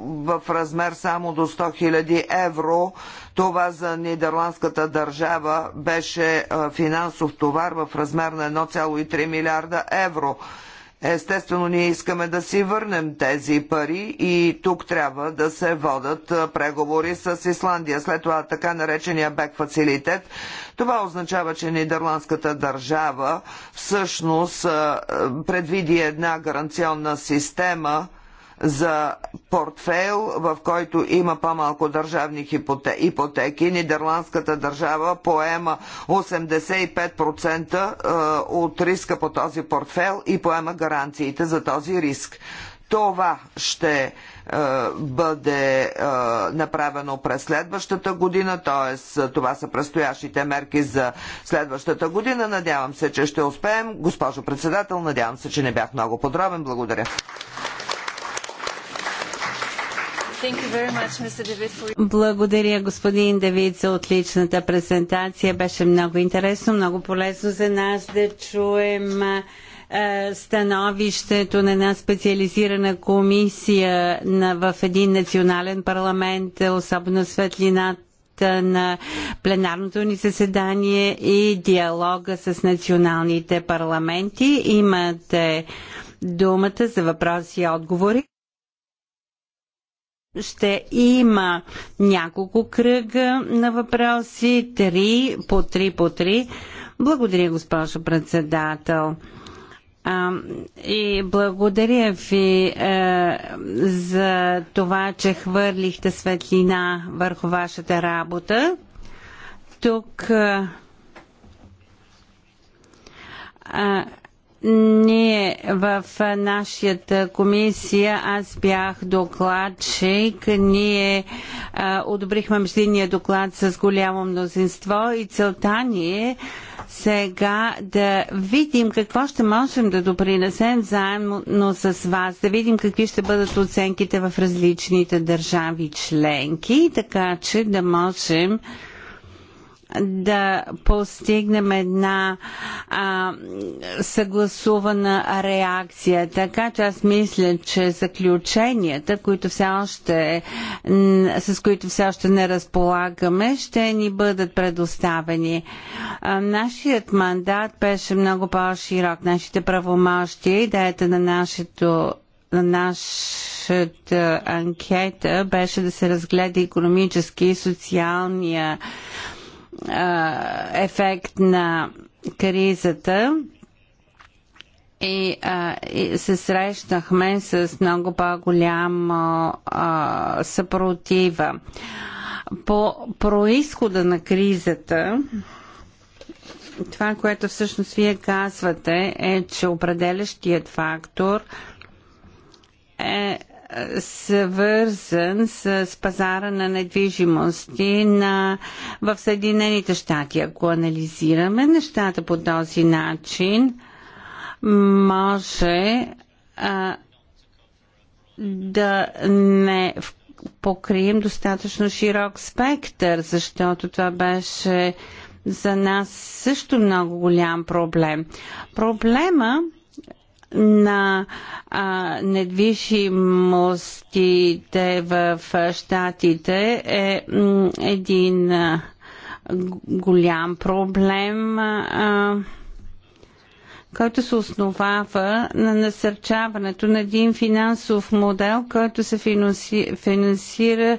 в размер само до 100 000 евро. Това за нидерландската държава беше е, финансов товар в размер на 1,3 милиарда евро. Естествено, ние искаме да си върнем тези пари и тук трябва да се водат преговори с Исландия. След това така наречения бек фацилитет. Това означава, че нидерландската държава всъщност предвиди една гаранционна система – за портфейл, в който има по-малко държавни ипотеки. Нидерландската държава поема 85% е, от риска по този портфейл и поема гаранциите за този риск. Това ще е, бъде е, направено през следващата година, т.е. това са предстоящите мерки за следващата година. Надявам се, че ще успеем. Госпожо председател, надявам се, че не бях много подробен. Благодаря. Благодаря, господин Давид, за отличната презентация. Беше много интересно, много полезно за нас да чуем становището на една специализирана комисия в един национален парламент, особено светлината на пленарното ни заседание и диалога с националните парламенти. Имате думата за въпроси и отговори. Ще има няколко кръга на въпроси, три по три по три. Благодаря, госпожо председател. А, и благодаря ви а, за това, че хвърлихте светлина върху вашата работа. Тук. а, а, ние в нашата комисия, аз бях докладчик, ние а, одобрихме междинния доклад с голямо мнозинство и целта ни е сега да видим какво ще можем да допринесем заедно с вас, да видим какви ще бъдат оценките в различните държави членки, така че да можем да постигнем една а, съгласувана реакция. Така че аз мисля, че заключенията, които все още, с които все още не разполагаме, ще ни бъдат предоставени. А, нашият мандат беше много по-широк. Нашите правомощи, идеята на нашето на нашата анкета беше да се разгледа економически и социалния е, ефект на кризата и, а, и се срещнахме с много по-голяма съпротива. По происхода на кризата, това, което всъщност вие казвате, е, че определящият фактор е свързан с пазара на недвижимости на, в Съединените щати. Ако анализираме нещата по този начин, може а, да не покрием достатъчно широк спектър, защото това беше за нас също много голям проблем. Проблема на а, недвижимостите в Штатите е един а, голям проблем. А, който се основава на насърчаването на един финансов модел, който се финанси, финансира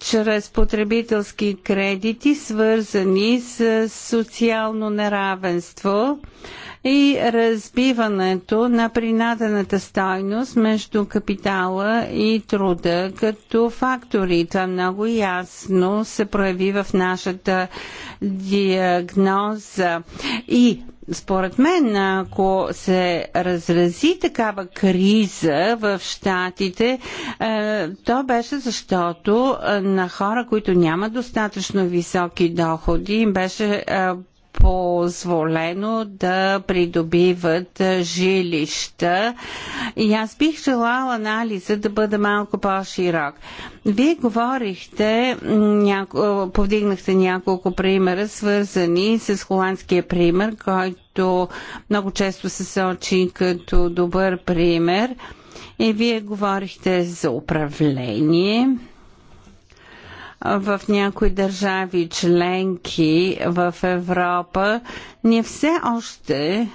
чрез потребителски кредити, свързани с социално неравенство и разбиването на принадената стойност между капитала и труда като фактори. Това много ясно се прояви в нашата диагноза. И според мен, ако се разрази такава криза в Штатите, е, то беше защото е, на хора, които нямат достатъчно високи доходи, им беше е, позволено да придобиват жилища. И аз бих желала анализа да бъде малко по-широк. Вие говорихте, няко, повдигнахте няколко примера, свързани с холандския пример, който много често се сочи като добър пример. И вие говорихте за управление, в някои държави членки в Европа, ние все още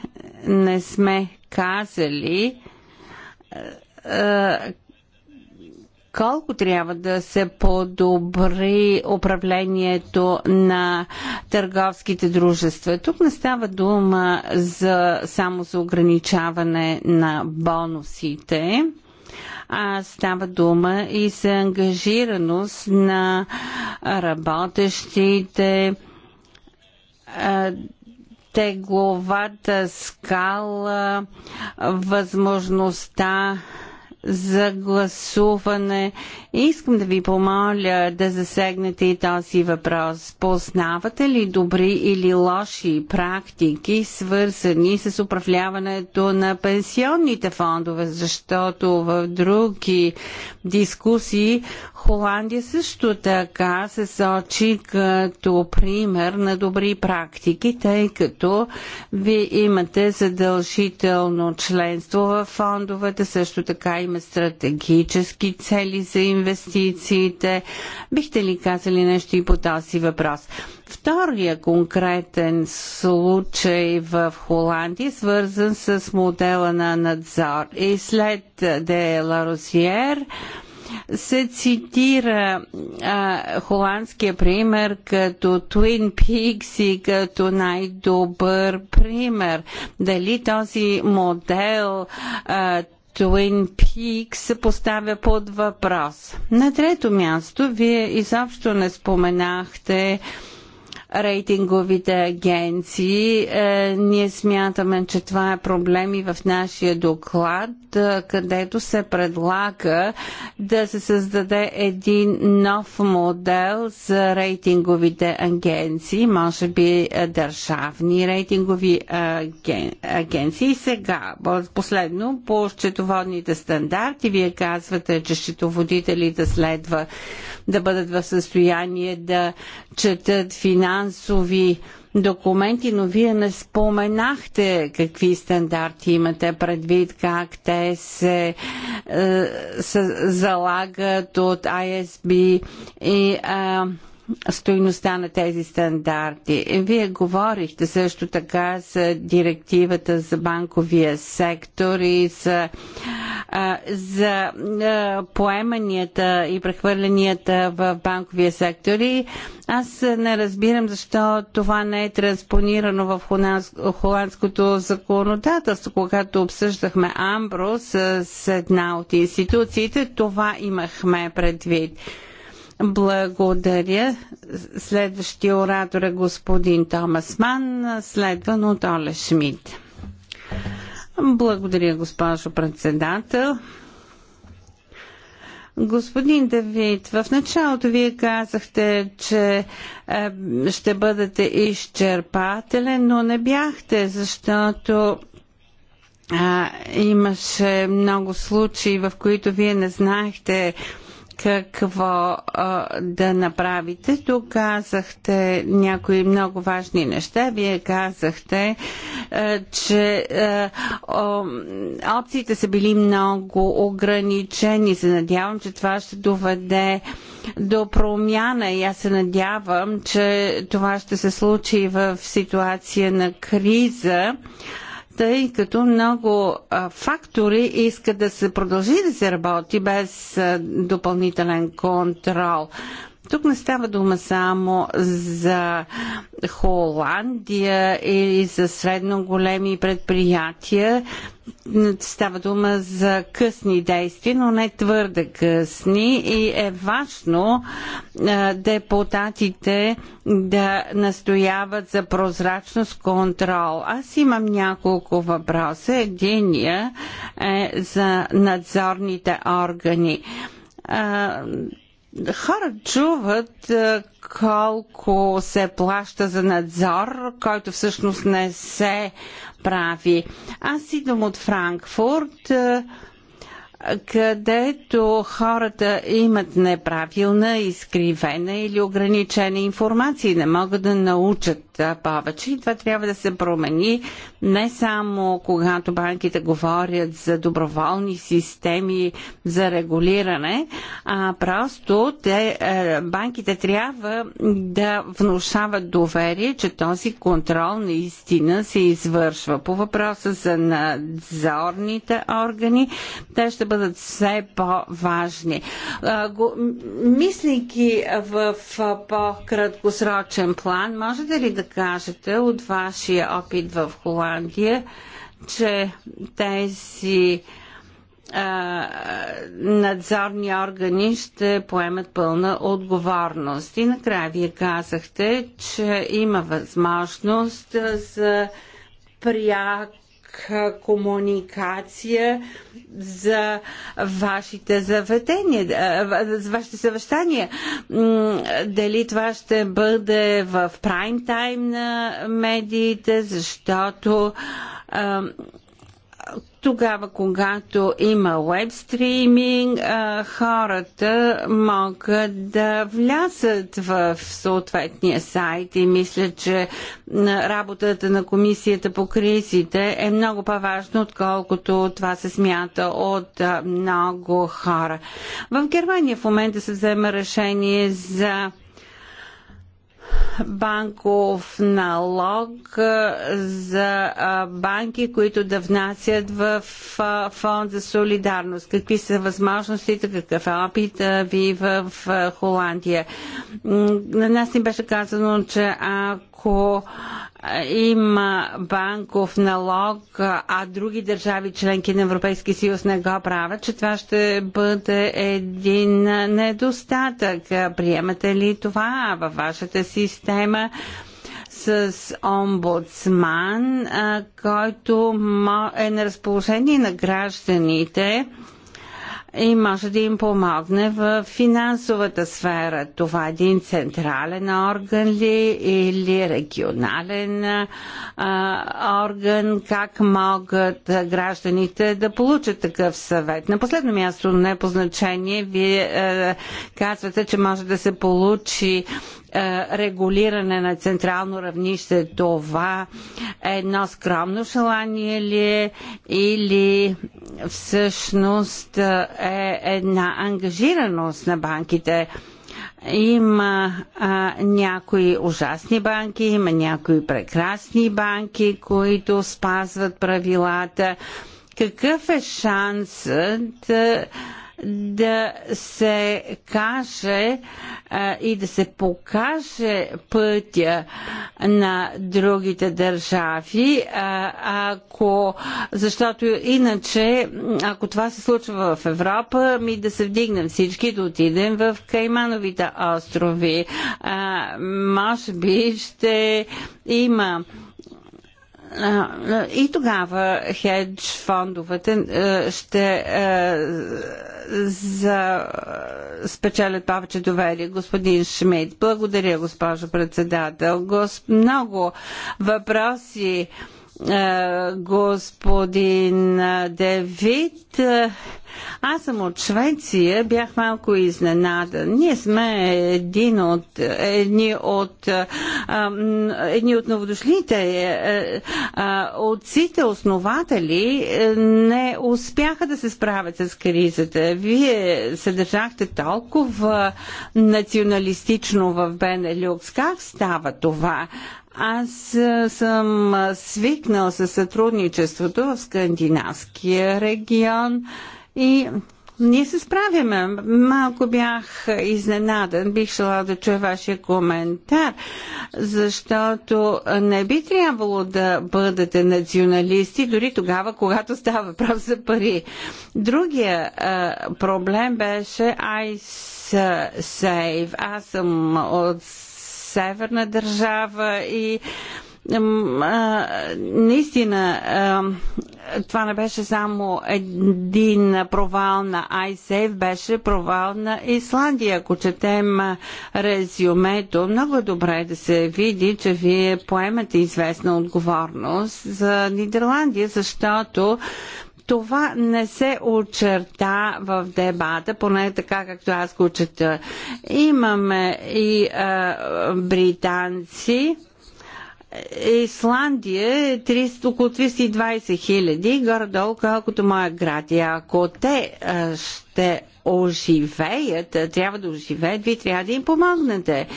не сме казали е, е, колко трябва да се подобри управлението на търговските дружества. Тук не става дума за, само за ограничаване на бонусите а става дума и за ангажираност на работещите тегловата скала, възможността за гласуване. Искам да ви помоля да засегнете и този въпрос. Познавате ли добри или лоши практики, свързани с управляването на пенсионните фондове? Защото в други дискусии Холандия също така се сочи като пример на добри практики, тъй като вие имате задължително членство в фондовете, също така и има стратегически цели за инвестициите. Бихте ли казали нещо и по този въпрос? Втория конкретен случай в Холандия, свързан с модела на надзор. И след Де Ларосиер, се цитира а, холандския пример като Twin Peaks и като най-добър пример. Дали този модел а, Twin Peaks се поставя под въпрос. На трето място, вие изобщо не споменахте рейтинговите агенции. Е, ние смятаме, че това е проблем и в нашия доклад, е, където се предлага да се създаде един нов модел за рейтинговите агенции, може би е, държавни рейтингови аген... агенции. Сега, последно, по счетоводните стандарти, вие казвате, че счетоводителите следва да бъдат в състояние да четат финансово финансови документи, но вие не споменахте какви стандарти имате предвид, как те се, е, се залагат от ISB и е, стоиността на тези стандарти. Вие говорихте също така за директивата за банковия сектор и за, за поеманията и прехвърлянията в банковия сектор. И аз не разбирам защо това не е транспонирано в холандското законодателство. Когато обсъждахме Амбро с една от институциите, това имахме предвид. Благодаря. Следващия оратор е господин Томас Ман, следван от Оле Шмидт. Благодаря, госпожо председател. Господин Давид, в началото вие казахте, че е, ще бъдете изчерпателен, но не бяхте, защото е, имаше много случаи, в които вие не знаехте какво а, да направите. Тук казахте някои много важни неща. Вие казахте, а, че а, опциите са били много ограничени. Се надявам, че това ще доведе до промяна и аз се надявам, че това ще се случи в ситуация на криза. А, тъй като много фактори искат да се продължи да се работи без допълнителен контрол. Тук не става дума само за Холандия или за средно големи предприятия. Става дума за късни действия, но не твърде късни и е важно е, депутатите да настояват за прозрачност, контрол. Аз имам няколко въпроса. Единия е за надзорните органи е, Хора чуват е, колко се плаща за надзор, който всъщност не се прави. Аз идвам от Франкфурт е, където хората имат неправилна, изкривена или ограничена информация и не могат да научат повече. И това трябва да се промени не само когато банките говорят за доброволни системи за регулиране, а просто те, е, банките трябва да внушават доверие, че този контрол наистина се извършва. По въпроса за надзорните органи, те ще бъдат все по-важни. Мислики в по-краткосрочен план, можете ли да кажете от вашия опит в Холандия, че тези а, надзорни органи ще поемат пълна отговорност. И накрая вие казахте, че има възможност за пряк комуникация за вашите заведения, за вашите съвещания. Дали това ще бъде в прайм тайм на медиите, защото тогава, когато има вебстриминг, хората могат да влязат в съответния сайт и мисля, че работата на комисията по кризите е много по-важна, отколкото това се смята от много хора. В Германия в момента се взема решение за банков налог за банки, които да внасят в фонд за солидарност? Какви са възможностите, какъв е опит ви в Холандия? На нас ни беше казано, че ако има банков налог, а други държави членки на Европейския съюз не го правят, че това ще бъде един недостатък. Приемате ли това във вашата система? с омбудсман, който е на разположение на гражданите и може да им помогне в финансовата сфера. Това е един централен орган ли или регионален а, орган? Как могат гражданите да получат такъв съвет? На последно място, не по значение, вие а, е, казвате, че може да се получи е, регулиране на централно равнище, това е едно скромно желание ли е или всъщност е, е една ангажираност на банките? Има а, някои ужасни банки, има някои прекрасни банки, които спазват правилата. Какъв е шансът? А, е, да се каже а, и да се покаже пътя на другите държави, а, ако, защото иначе, ако това се случва в Европа, ми да се вдигнем всички, да отидем в Каймановите острови. А, може би ще има и тогава хедж фондовете ще за... спечелят повече доверие. Господин Шмидт, благодаря, госпожо председател. Гос... Много въпроси е, господин Девит. Е, аз съм от Швеция, бях малко изненадан. Ние сме един от, едни от, е, едни от новодошлите. Отците, основатели не успяха да се справят с кризата. Вие се държахте толкова националистично в Бенелюкс. Как става това? Аз съм свикнал със сътрудничеството в скандинавския регион и ние се справяме. Малко бях изненадан. Бих желала да чуя вашия коментар, защото не би трябвало да бъдете националисти, дори тогава, когато става въпрос за пари. Другия а, проблем беше I save. Аз съм от северна държава и наистина това не беше само един провал на iSafe, беше провал на Исландия. Ако четем резюмето, много е добре да се види, че вие поемате известна отговорност за Нидерландия, защото това не се очерта в дебата, поне така както аз го чета. Имаме и а, е, британци, Исландия е 300, около 320 хиляди, горе-долу колкото моя град. И ако те а, е, ще оживеят, е, трябва да оживеят, вие трябва да им помогнете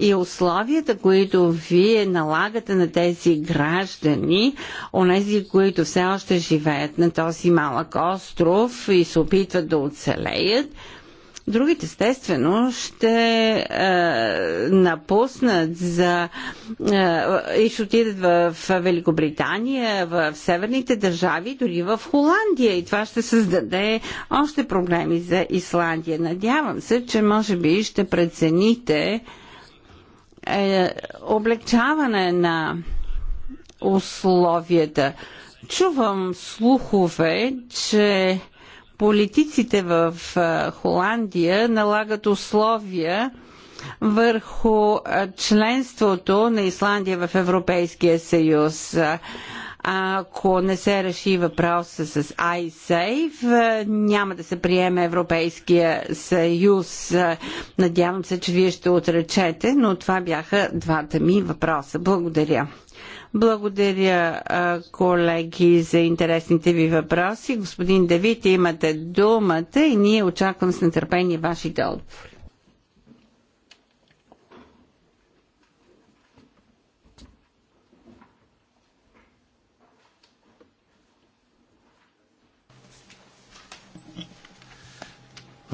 и условията, които вие налагате на тези граждани, онези, които все още живеят на този малък остров и се опитват да оцелеят, Другите, естествено, ще е, напуснат за, е, и ще отидат в, Великобритания, в, в северните държави, дори в Холандия. И това ще създаде още проблеми за Исландия. Надявам се, че може би ще прецените е, облегчаване на условията. Чувам слухове, че политиците в е, Холандия налагат условия върху е, членството на Исландия в Европейския съюз ако не се реши въпроса с iSafe, е, няма да се приеме Европейския съюз. Е, надявам се, че вие ще отречете, но това бяха двата ми въпроса. Благодаря. Благодаря, е, колеги, за интересните ви въпроси. Господин Давид, имате думата и ние очаквам с нетърпение вашите отговори.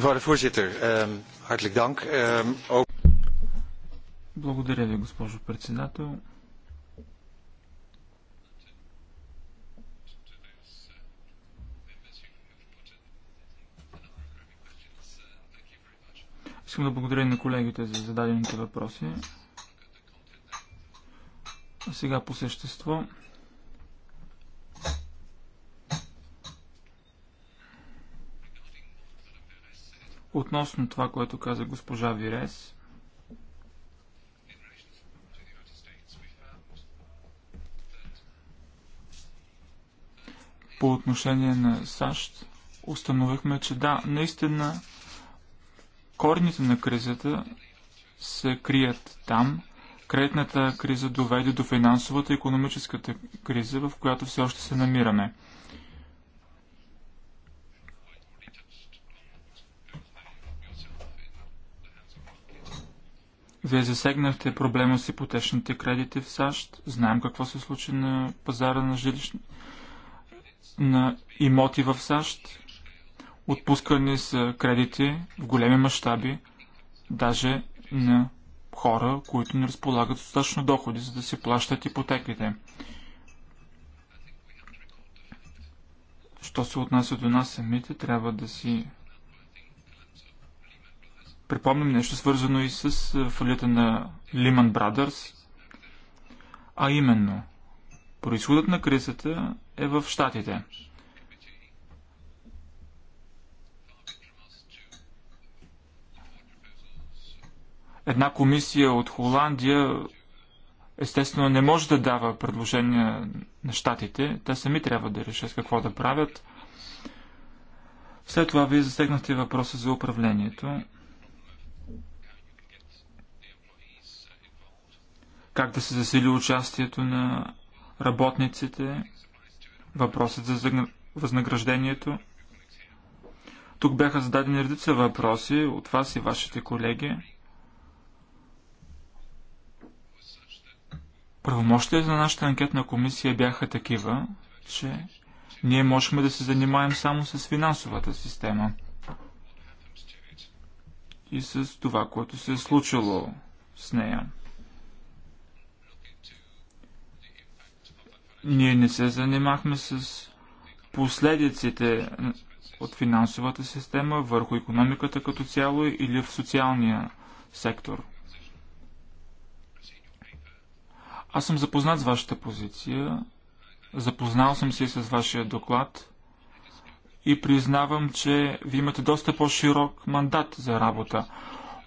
voorzitter, ehm, hartelijk dank. Ehm, благодаря ви, госпожо председател. Искам да благодаря на колегите за зададените въпроси. А сега по същество. Относно това, което каза госпожа Вирес, по отношение на САЩ, установихме, че да, наистина корните на кризата се крият там. Кредитната криза доведе до финансовата и економическата криза, в която все още се намираме. Вие засегнахте проблема с ипотечните кредити в САЩ. Знаем какво се случи на пазара на жилищни на имоти в САЩ. Отпускани са кредити в големи мащаби, даже на хора, които не разполагат достатъчно доходи, за да си плащат ипотеките. Що се отнася до нас самите, трябва да си Припомням нещо свързано и с фалита на Lehman Brothers, а именно, происходът на кризата е в Штатите. Една комисия от Холандия естествено не може да дава предложения на щатите. Те сами трябва да решат какво да правят. След това вие засегнахте въпроса за управлението. как да се засили участието на работниците, въпросът за възнаграждението. Тук бяха зададени редица въпроси от вас и вашите колеги. Правомощите на нашата анкетна комисия бяха такива, че ние можехме да се занимаем само с финансовата система и с това, което се е случило с нея. Ние не се занимахме с последиците от финансовата система върху економиката като цяло или в социалния сектор. Аз съм запознат с вашата позиция, запознал съм се и с вашия доклад и признавам, че ви имате доста по-широк мандат за работа.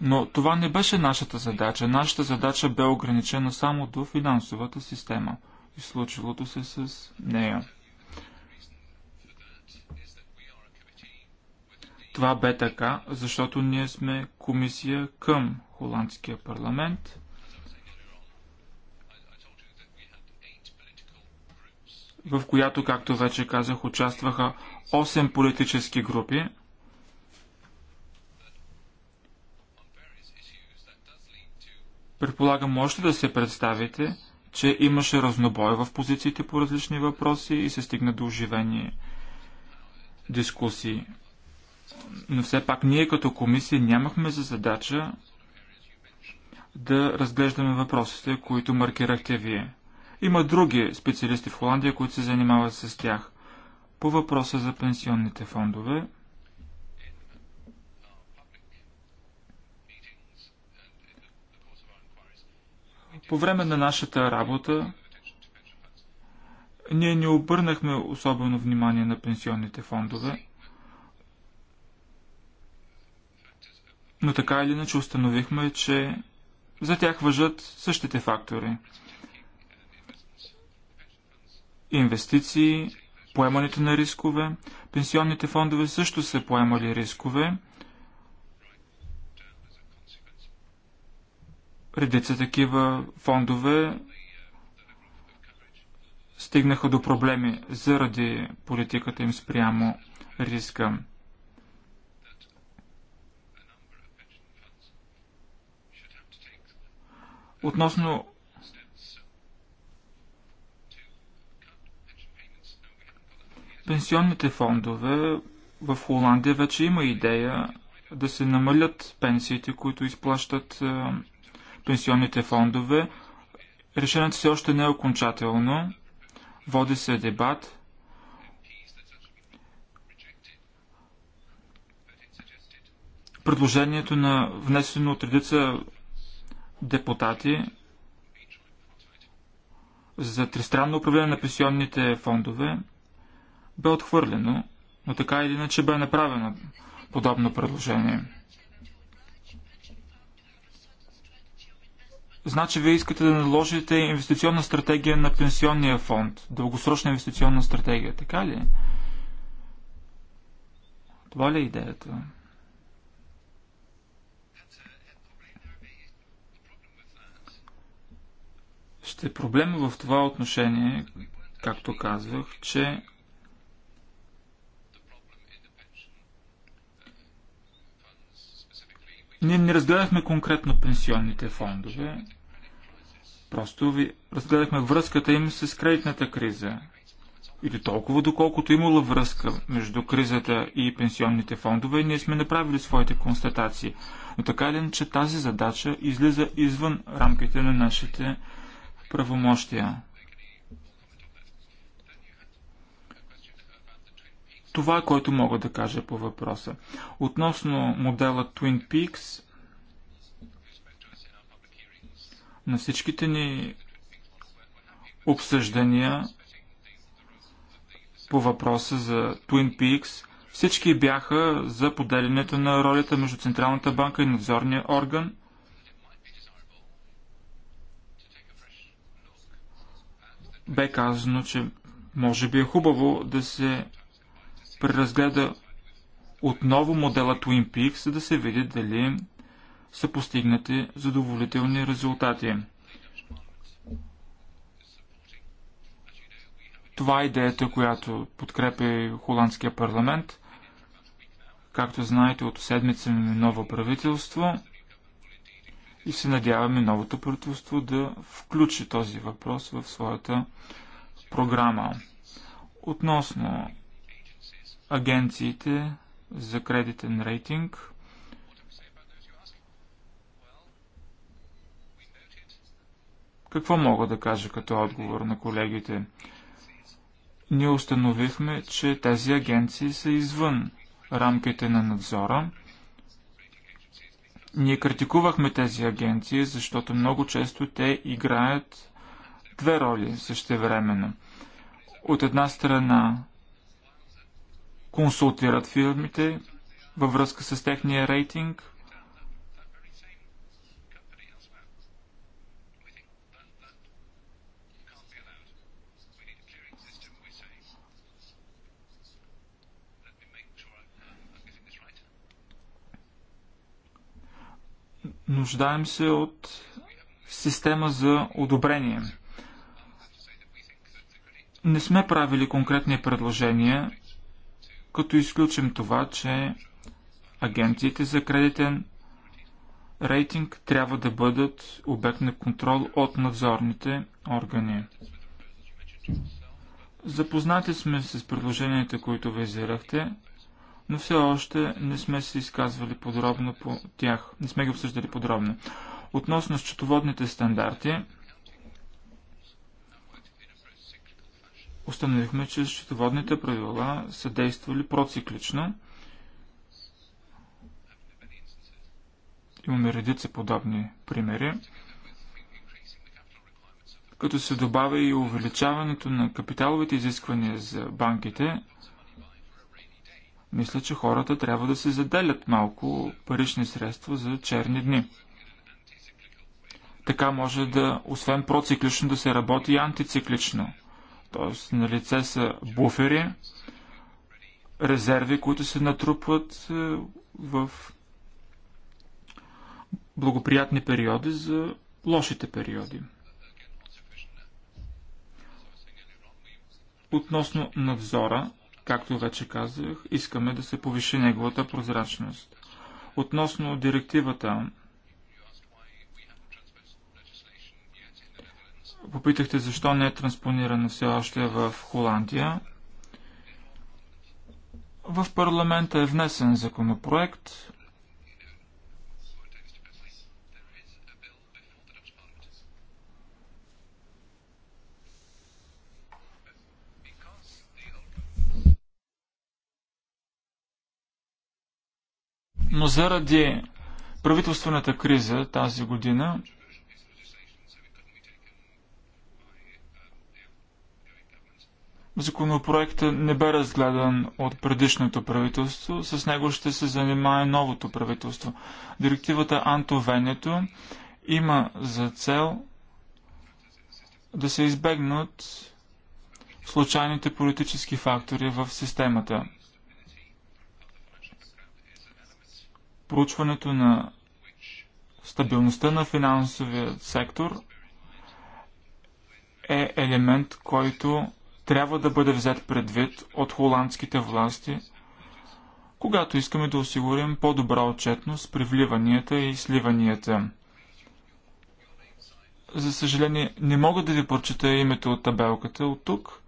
Но това не беше нашата задача. Нашата задача бе ограничена само до финансовата система – и случилото се с нея. Това бе така, защото ние сме комисия към Холандския парламент. в която, както вече казах, участваха 8 политически групи. Предполагам, можете да се представите, че имаше разнобой в позициите по различни въпроси и се стигна до оживени дискусии. Но все пак ние като комисия нямахме за задача да разглеждаме въпросите, които маркирахте вие. Има други специалисти в Холандия, които се занимават с тях. По въпроса за пенсионните фондове, По време на нашата работа ние не обърнахме особено внимание на пенсионните фондове, но така или иначе установихме, че за тях въжат същите фактори. Инвестиции, поемането на рискове. Пенсионните фондове също са поемали рискове редица такива фондове стигнаха до проблеми заради политиката им спрямо риска. Относно пенсионните фондове, в Холандия вече има идея да се намалят пенсиите, които изплащат пенсионните фондове. Решението все още не е окончателно. Води се дебат. Предложението на внесено от редица депутати за тристранно управление на пенсионните фондове бе отхвърлено, но така или иначе бе направено подобно предложение. Значи вие искате да наложите инвестиционна стратегия на пенсионния фонд, дългосрочна инвестиционна стратегия, така ли? Това ли е идеята? Ще е проблем в това отношение, както казвах, че Ние не разгледахме конкретно пенсионните фондове, просто ви разгледахме връзката им с кредитната криза. Или толкова, доколкото имала връзка между кризата и пенсионните фондове, ние сме направили своите констатации. Но така ли, че тази задача излиза извън рамките на нашите правомощия. Това е което мога да кажа по въпроса. Относно модела Twin Peaks, на всичките ни обсъждания по въпроса за Twin Peaks, всички бяха за поделянето на ролята между Централната банка и надзорния орган. Бе казано, че може би е хубаво да се преразгледа отново модела Twin Peaks, за да се види дали са постигнати задоволителни резултати. Това е идеята, която подкрепи Холандския парламент. Както знаете, от седмица имаме ново правителство и се надяваме новото правителство да включи този въпрос в своята програма. Относно агенциите за кредитен рейтинг. Какво мога да кажа като отговор на колегите? Ние установихме, че тези агенции са извън рамките на надзора. Ние критикувахме тези агенции, защото много често те играят две роли същевременно. От една страна консултират фирмите във връзка с техния рейтинг. Нуждаем се от система за одобрение. Не сме правили конкретни предложения, като изключим това, че агенциите за кредитен рейтинг трябва да бъдат обект на контрол от надзорните органи. Запознати сме с предложенията, които визирахте, но все още не сме се изказвали подробно по тях. Не сме ги обсъждали подробно. Относно счетоводните стандарти, установихме, че счетоводните правила са действали проциклично. Имаме редица подобни примери. Като се добавя и увеличаването на капиталовите изисквания за банките, мисля, че хората трябва да се заделят малко парични средства за черни дни. Така може да, освен проциклично, да се работи и антициклично. Т.е. на лице са буфери, резерви, които се натрупват е, в благоприятни периоди за лошите периоди. Относно надзора, както вече казах, искаме да се повиши неговата прозрачност. Относно директивата Попитахте защо не е транспонирана все още в Холандия. В парламента е внесен законопроект. Но заради правителствената криза тази година Законопроектът не бе разгледан от предишното правителство, с него ще се занимае новото правителство. Директивата Анто Венето има за цел да се избегнат случайните политически фактори в системата. Проучването на стабилността на финансовия сектор е елемент, който трябва да бъде взет предвид от холандските власти, когато искаме да осигурим по-добра отчетност при вливанията и сливанията. За съжаление, не мога да ви прочета името от табелката от тук.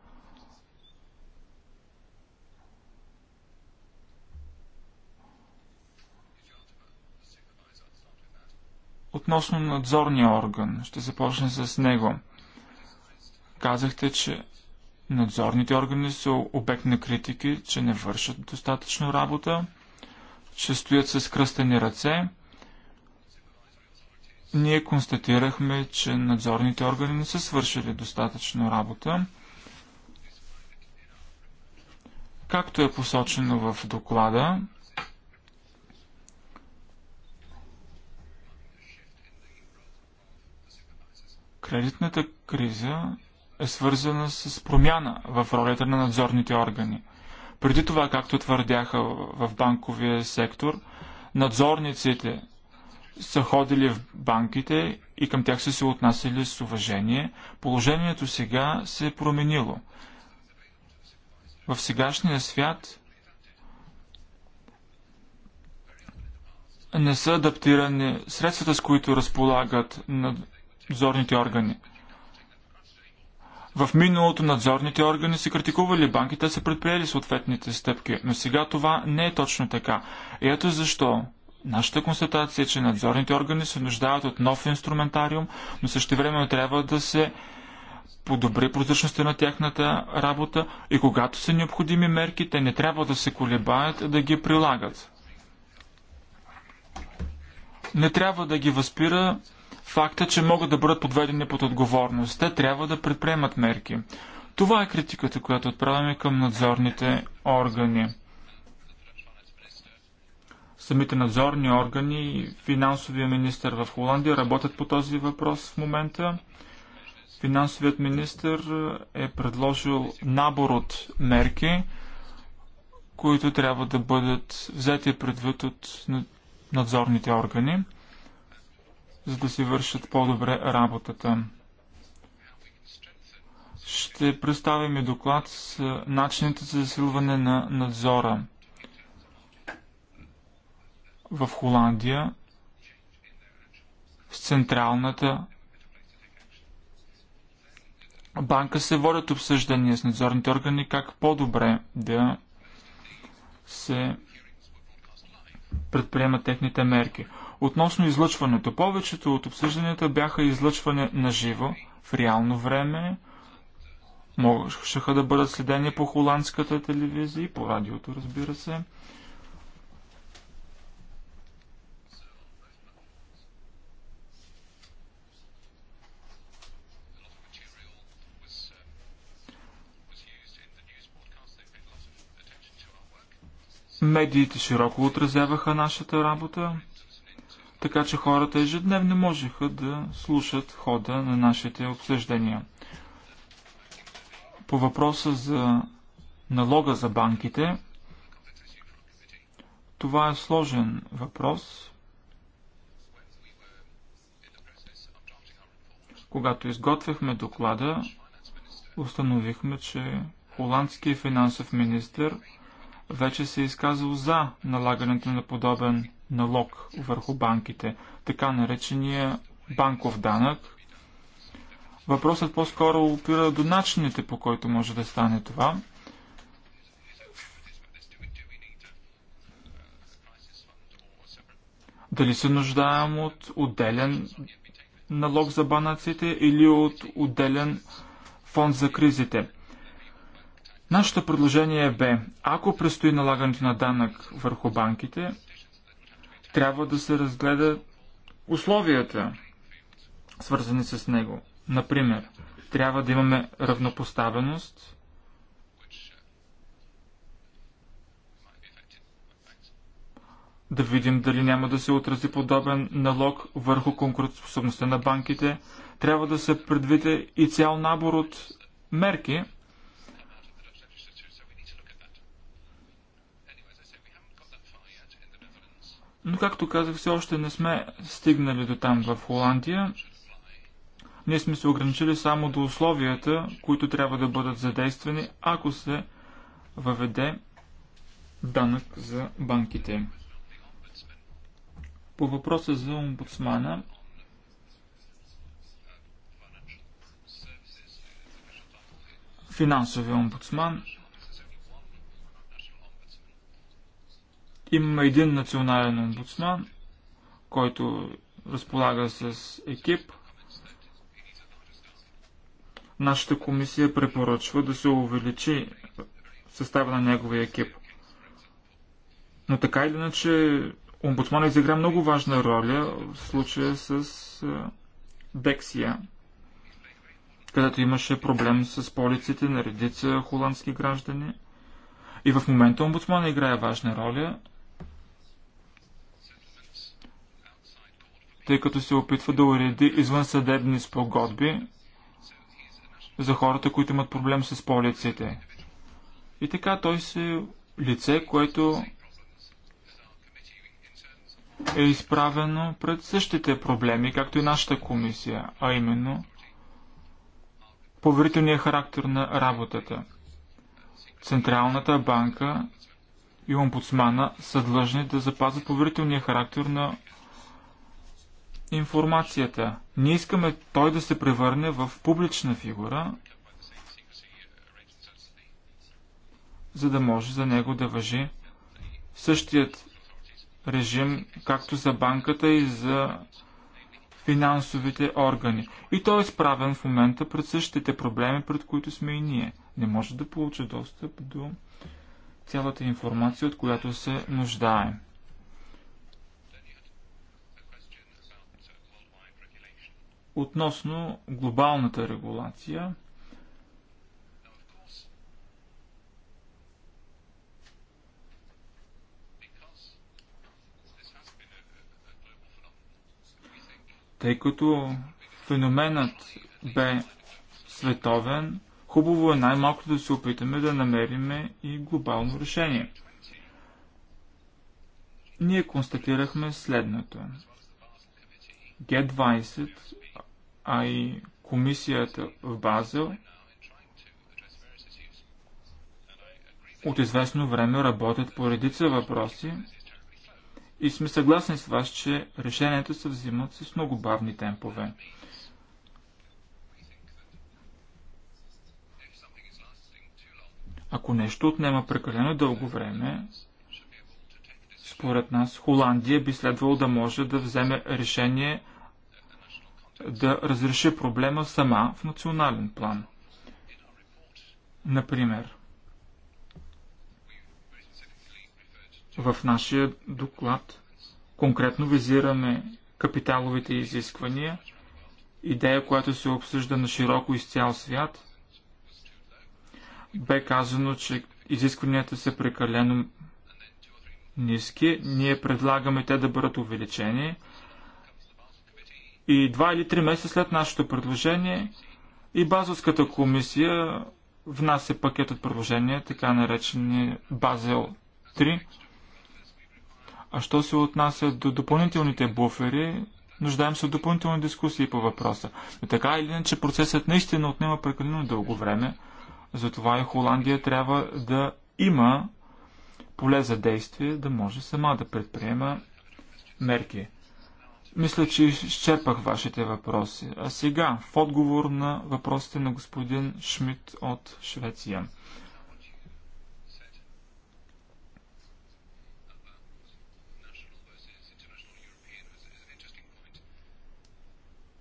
Относно надзорния орган, ще започна с него. Казахте, че Надзорните органи са обект на критики, че не вършат достатъчно работа, че стоят с кръстени ръце. Ние констатирахме, че надзорните органи не са свършили достатъчно работа. Както е посочено в доклада, кредитната криза е свързана с промяна в ролята на надзорните органи. Преди това, както твърдяха в банковия сектор, надзорниците са ходили в банките и към тях са се отнасяли с уважение. Положението сега се е променило. В сегашния свят не са адаптирани средствата, с които разполагат надзорните органи. В миналото надзорните органи са критикували банките, са предприели съответните стъпки, но сега това не е точно така. И ето защо Нашата констатация е, че надзорните органи се нуждаят от нов инструментариум, но също време трябва да се подобри прозрачността на тяхната работа и когато са необходими мерки, те не трябва да се колебаят да ги прилагат. Не трябва да ги възпира факта, че могат да бъдат подведени под отговорност. Те трябва да предприемат мерки. Това е критиката, която отправяме към надзорните органи. Самите надзорни органи и финансовия министр в Холандия работят по този въпрос в момента. Финансовият министр е предложил набор от мерки, които трябва да бъдат взети предвид от надзорните органи за да си вършат по-добре работата. Ще представим и доклад с начините за засилване на надзора в Холандия с централната банка се водят обсъждания с надзорните органи как по-добре да се предприемат техните мерки. Относно излъчването, повечето от обсъжданията бяха излъчване на живо, в реално време, могаха да бъдат следени по холандската телевизия и по радиото, разбира се. Медиите широко отразяваха нашата работа така че хората ежедневно можеха да слушат хода на нашите обсъждания. По въпроса за налога за банките, това е сложен въпрос. Когато изготвяхме доклада, установихме, че холандският финансов министр вече се е изказал за налагането на подобен налог върху банките, така наречения банков данък. Въпросът по-скоро опира до начините, по който може да стане това. Дали се нуждаем от отделен налог за банъците или от отделен фонд за кризите. Нашето предложение е бе, ако предстои налагането на данък върху банките, трябва да се разгледа условията, свързани с него. Например, трябва да имаме равнопоставеност, да видим дали няма да се отрази подобен налог върху конкурентоспособността на банките. Трябва да се предвиде и цял набор от мерки, Но, както казах, все още не сме стигнали до там в Холандия. Ние сме се ограничили само до условията, които трябва да бъдат задействани, ако се въведе данък за банките. По въпроса за омбудсмана, финансовия омбудсман – Има един национален омбудсман, който разполага с екип. Нашата комисия препоръчва да се увеличи състава на неговия екип. Но така или иначе, омбудсманът изигра много важна роля в случая с е, Дексия, където имаше проблем с полиците на редица холандски граждани. И в момента омбудсманът играе важна роля, тъй като се опитва да уреди извънсъдебни спогодби за хората, които имат проблем с полиците. И така той се лице, което е изправено пред същите проблеми, както и нашата комисия, а именно поверителният характер на работата. Централната банка и омбудсмана са длъжни да запазят поверителния характер на информацията. Ние искаме той да се превърне в публична фигура, за да може за него да въжи същият режим, както за банката и за финансовите органи. И той е справен в момента пред същите проблеми, пред които сме и ние. Не може да получи достъп до цялата информация, от която се нуждаем. относно глобалната регулация. Тъй като феноменът бе световен, хубаво е най-малкото да се опитаме да намерим и глобално решение. Ние констатирахме следното. Г-20 а и комисията в Базел от известно време работят по редица въпроси и сме съгласни с вас, че решенията се взимат с много бавни темпове. Ако нещо отнема прекалено дълго време, според нас Холандия би следвало да може да вземе решение – да разреши проблема сама в национален план. Например, в нашия доклад конкретно визираме капиталовите изисквания, идея, която се обсъжда на широко из цял свят. Бе казано, че изискванията са прекалено ниски. Ние предлагаме те да бъдат увеличени и два или три месеца след нашето предложение и базовската комисия внася пакет от предложения, така наречени Базел 3. А що се отнася до допълнителните буфери, нуждаем се от допълнителни дискусии по въпроса. И така или иначе процесът наистина отнема прекалено дълго време, затова и Холандия трябва да има поле за действие, да може сама да предприема мерки. Мисля, че изчерпах вашите въпроси. А сега, в отговор на въпросите на господин Шмидт от Швеция.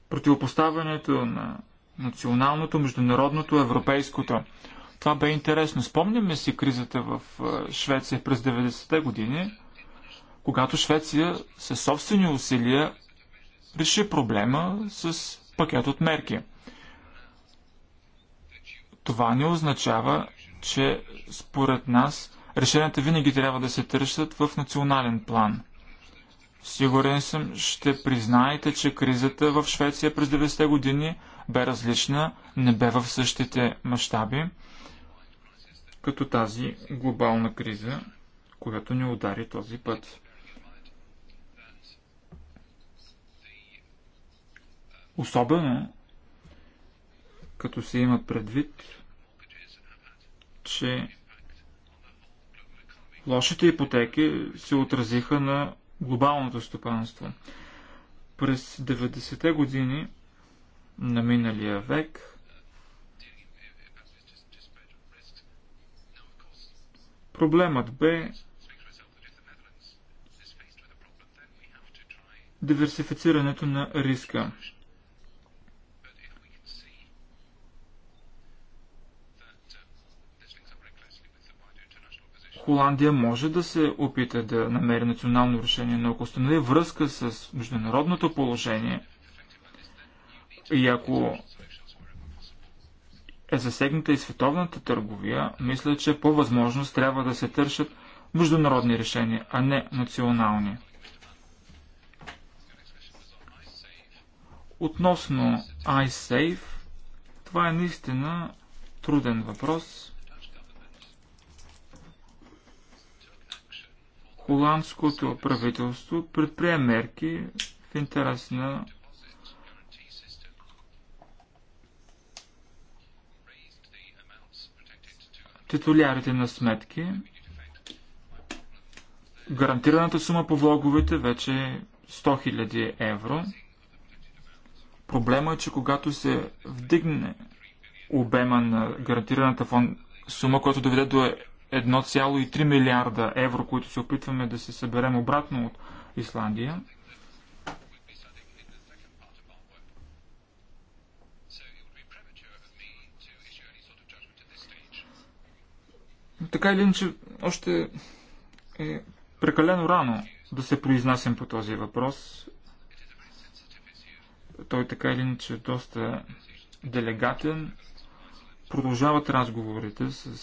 Противопоставянето на националното, международното, европейското. Това бе интересно. Спомняме си кризата в Швеция през 90-те години, когато Швеция със собствени усилия реши проблема с пакет от мерки. Това не означава, че според нас решенията винаги трябва да се търсят в национален план. Сигурен съм, ще признаете, че кризата в Швеция през 90-те години бе различна, не бе в същите мащаби, като тази глобална криза, която ни удари този път. Особено, е, като се има предвид, че лошите ипотеки се отразиха на глобалното стопанство. През 90-те години на миналия век проблемът бе диверсифицирането на риска. Холандия може да се опита да намери национално решение, но ако установи връзка с международното положение и ако е засегната и световната търговия, мисля, че по възможност трябва да се търсят международни решения, а не национални. Относно iSafe, това е наистина труден въпрос – холандското правителство предприе мерки в интерес на титулярите на сметки. Гарантираната сума по влоговете вече е 100 000 евро. Проблема е, че когато се вдигне обема на гарантираната сума, която доведе до 1,3 милиарда евро, които се опитваме да се съберем обратно от Исландия. Така или иначе, още е прекалено рано да се произнасям по този въпрос. Той така или иначе е доста делегатен. Продължават разговорите с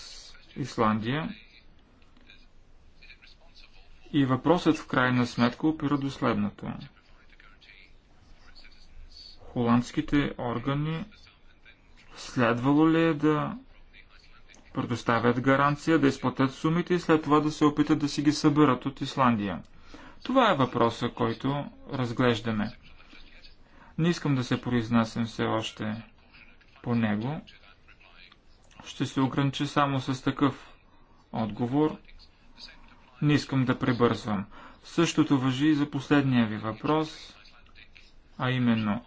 Исландия. И въпросът в крайна сметка опира до следното. Холандските органи следвало ли е да предоставят гаранция, да изплатят сумите и след това да се опитат да си ги съберат от Исландия? Това е въпроса, който разглеждаме. Не искам да се произнасям все още по него, ще се огранича само с такъв отговор. Не искам да пребързвам. Същото въжи и за последния ви въпрос, а именно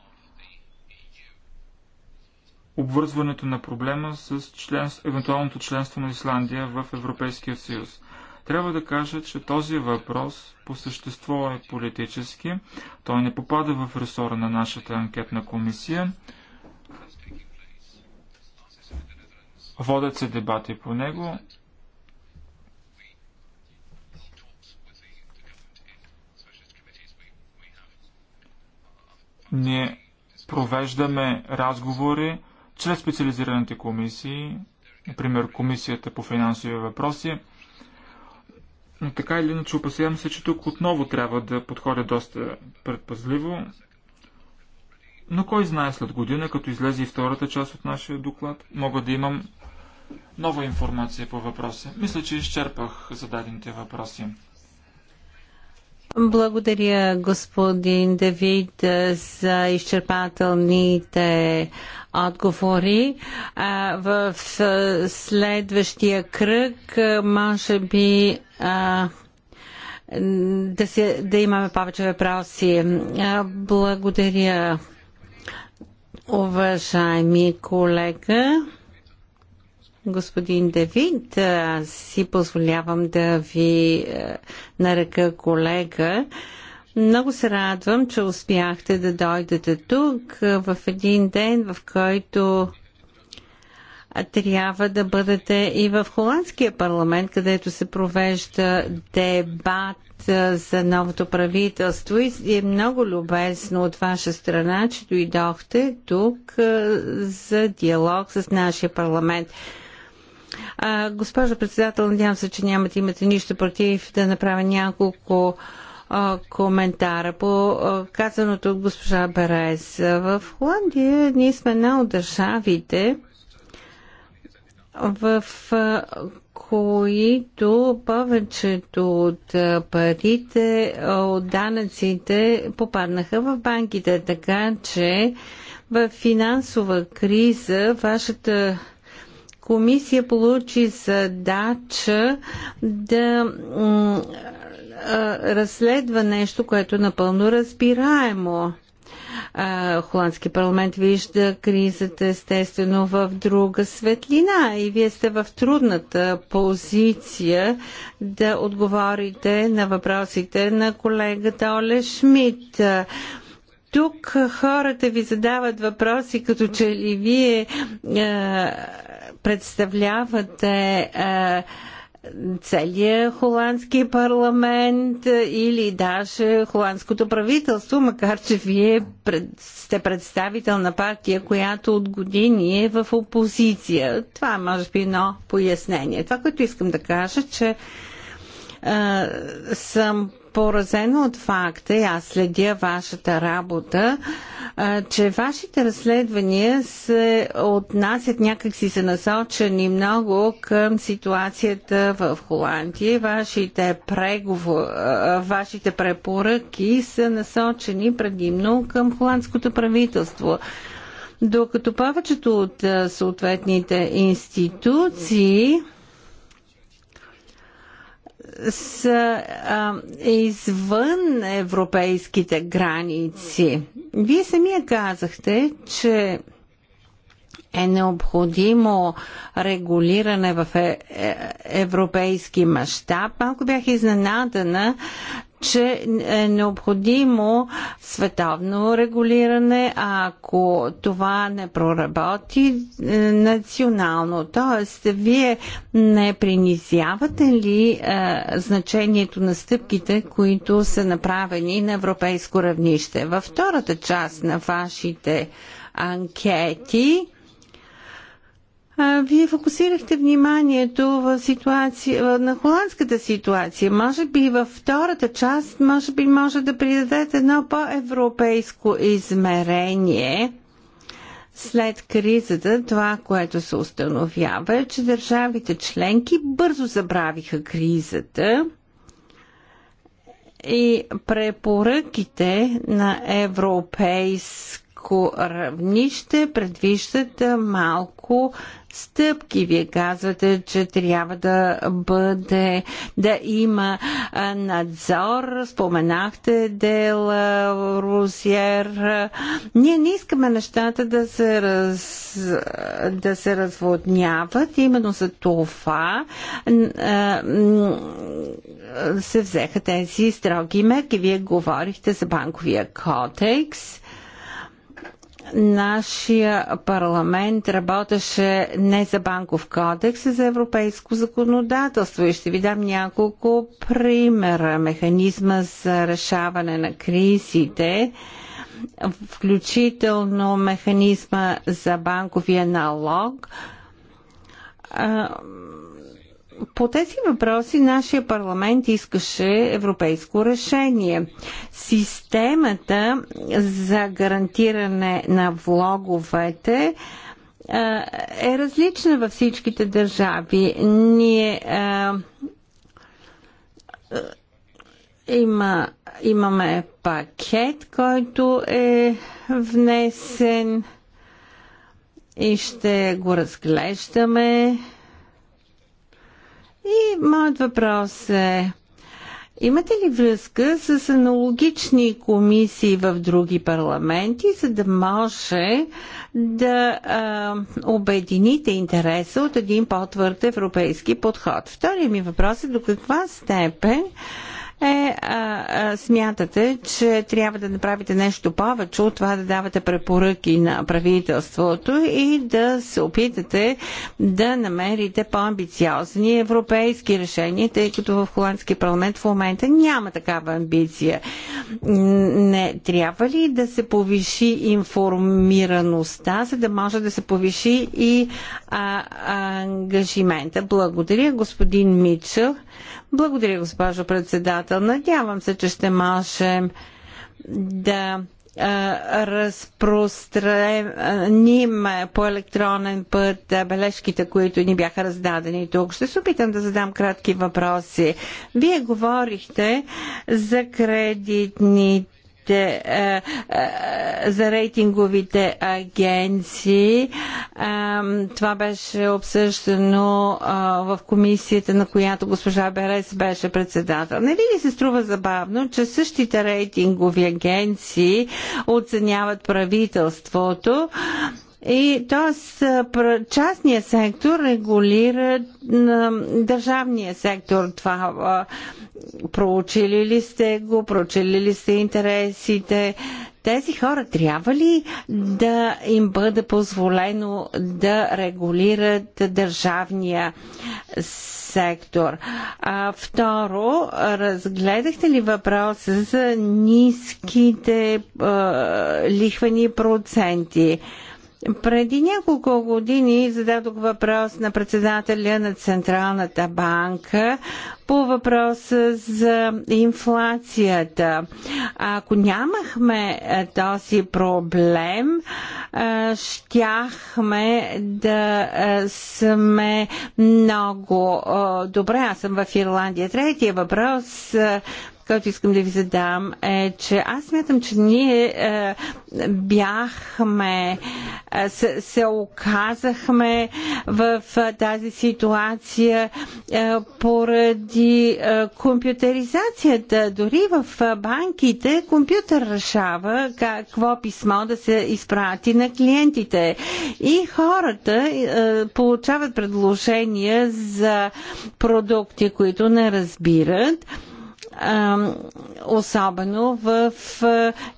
обвързването на проблема с член, евентуалното членство на Исландия в Европейския съюз. Трябва да кажа, че този въпрос по същество е политически. Той не попада в ресора на нашата анкетна комисия. Водят се дебати по него. Ние провеждаме разговори чрез специализираните комисии, например Комисията по финансови въпроси. Но така или иначе опасявам се, че тук отново трябва да подходя доста предпазливо. Но кой знае след година, като излезе и втората част от нашия доклад, мога да имам нова информация по въпроса. Мисля, че изчерпах зададените въпроси. Благодаря, господин Давид, за изчерпателните отговори. В следващия кръг, може би, да, се, да имаме повече въпроси. Благодаря, уважаеми колега. Господин Давид, аз си позволявам да ви наръка колега. Много се радвам, че успяхте да дойдете тук в един ден, в който трябва да бъдете и в Холандския парламент, където се провежда дебат за новото правителство и е много любезно от ваша страна, че дойдохте тук за диалог с нашия парламент. А, госпожа председател, надявам се, че нямате имате нищо против да направя няколко а, коментара по а, казаното от госпожа Берез. В Холандия ние сме една от държавите, в които повечето от парите от данъците попаднаха в банките. Така че в финансова криза вашата комисия получи задача да разследва нещо, което е напълно разбираемо. Холандски парламент вижда кризата естествено в друга светлина и вие сте в трудната позиция да отговорите на въпросите на колегата Оле Шмидт. Тук хората ви задават въпроси, като че ли вие е, представлявате а, е, целия холандски парламент е, или даже холандското правителство, макар че вие пред, сте представител на партия, която от години е в опозиция. Това е може би едно пояснение. Това, което искам да кажа, че а, е, съм поразена от факта, и аз следя вашата работа, че вашите разследвания се отнасят някакси са насочени много към ситуацията в Холандия. Вашите, преговор, вашите препоръки са насочени предимно към холандското правителство докато повечето от съответните институции са а, извън европейските граници. Вие самия казахте, че е необходимо регулиране в е, е, европейски мащаб. Малко бях изненадана, че е необходимо световно регулиране, а ако това не проработи е, национално. Тоест, вие не принизявате ли е, значението на стъпките, които са направени на европейско равнище? Във втората част на вашите анкети, вие фокусирахте вниманието в ситуация, на холандската ситуация. Може би във втората част, може би може да придадете едно по-европейско измерение. След кризата това, което се установява е, че държавите членки бързо забравиха кризата и препоръките на европейск малко равнище предвиждат малко стъпки. Вие казвате, че трябва да бъде, да има надзор. Споменахте Дел Русиер. Ние не искаме нещата да се, раз, да се разводняват. Именно за това се взеха тези строги мерки. Вие говорихте за банковия кодекс нашия парламент работеше не за банков кодекс, а за европейско законодателство. И ще ви дам няколко примера. Механизма за решаване на кризите, включително механизма за банковия налог, по тези въпроси нашия парламент искаше европейско решение. Системата за гарантиране на влоговете е различна във всичките държави. Ние има, имаме пакет, който е внесен и ще го разглеждаме и моят въпрос е, имате ли връзка с аналогични комисии в други парламенти, за да може да а, обедините интереса от един по-твърд европейски подход? Втория ми въпрос е до каква степен е, а, а, смятате, че трябва да направите нещо повече от това да давате препоръки на правителството и да се опитате да намерите по-амбициозни европейски решения, тъй като в Холандския парламент в момента няма такава амбиция. Не трябва ли да се повиши информираността, за да може да се повиши и а, ангажимента? Благодаря, господин Мичел. Благодаря, госпожо председател. Надявам се, че ще можем да разпространим по електронен път бележките, които ни бяха раздадени тук. Ще се опитам да задам кратки въпроси. Вие говорихте за кредитните рейтинговите, е, за рейтинговите агенции. това беше обсъждано в комисията, на която госпожа Берес беше председател. Не ли се струва забавно, че същите рейтингови агенции оценяват правителството и т.е. частния сектор регулира държавния сектор. Това проучили ли сте го, проучили ли сте интересите, тези хора трябва ли да им бъде позволено да регулират държавния сектор? А, второ, разгледахте ли въпроса за ниските а, лихвени проценти? Преди няколко години зададох въпрос на председателя на Централната банка по въпроса за инфлацията. Ако нямахме е, този проблем, е, щяхме да е, сме много добре. Аз съм в Ирландия. Третия въпрос който искам да ви задам е, че аз смятам, че ние е, бяхме, е, се, се оказахме в е, тази ситуация е, поради е, компютеризацията. Дори в е, банките компютър решава какво писмо да се изпрати на клиентите. И хората е, получават предложения за продукти, които не разбират особено в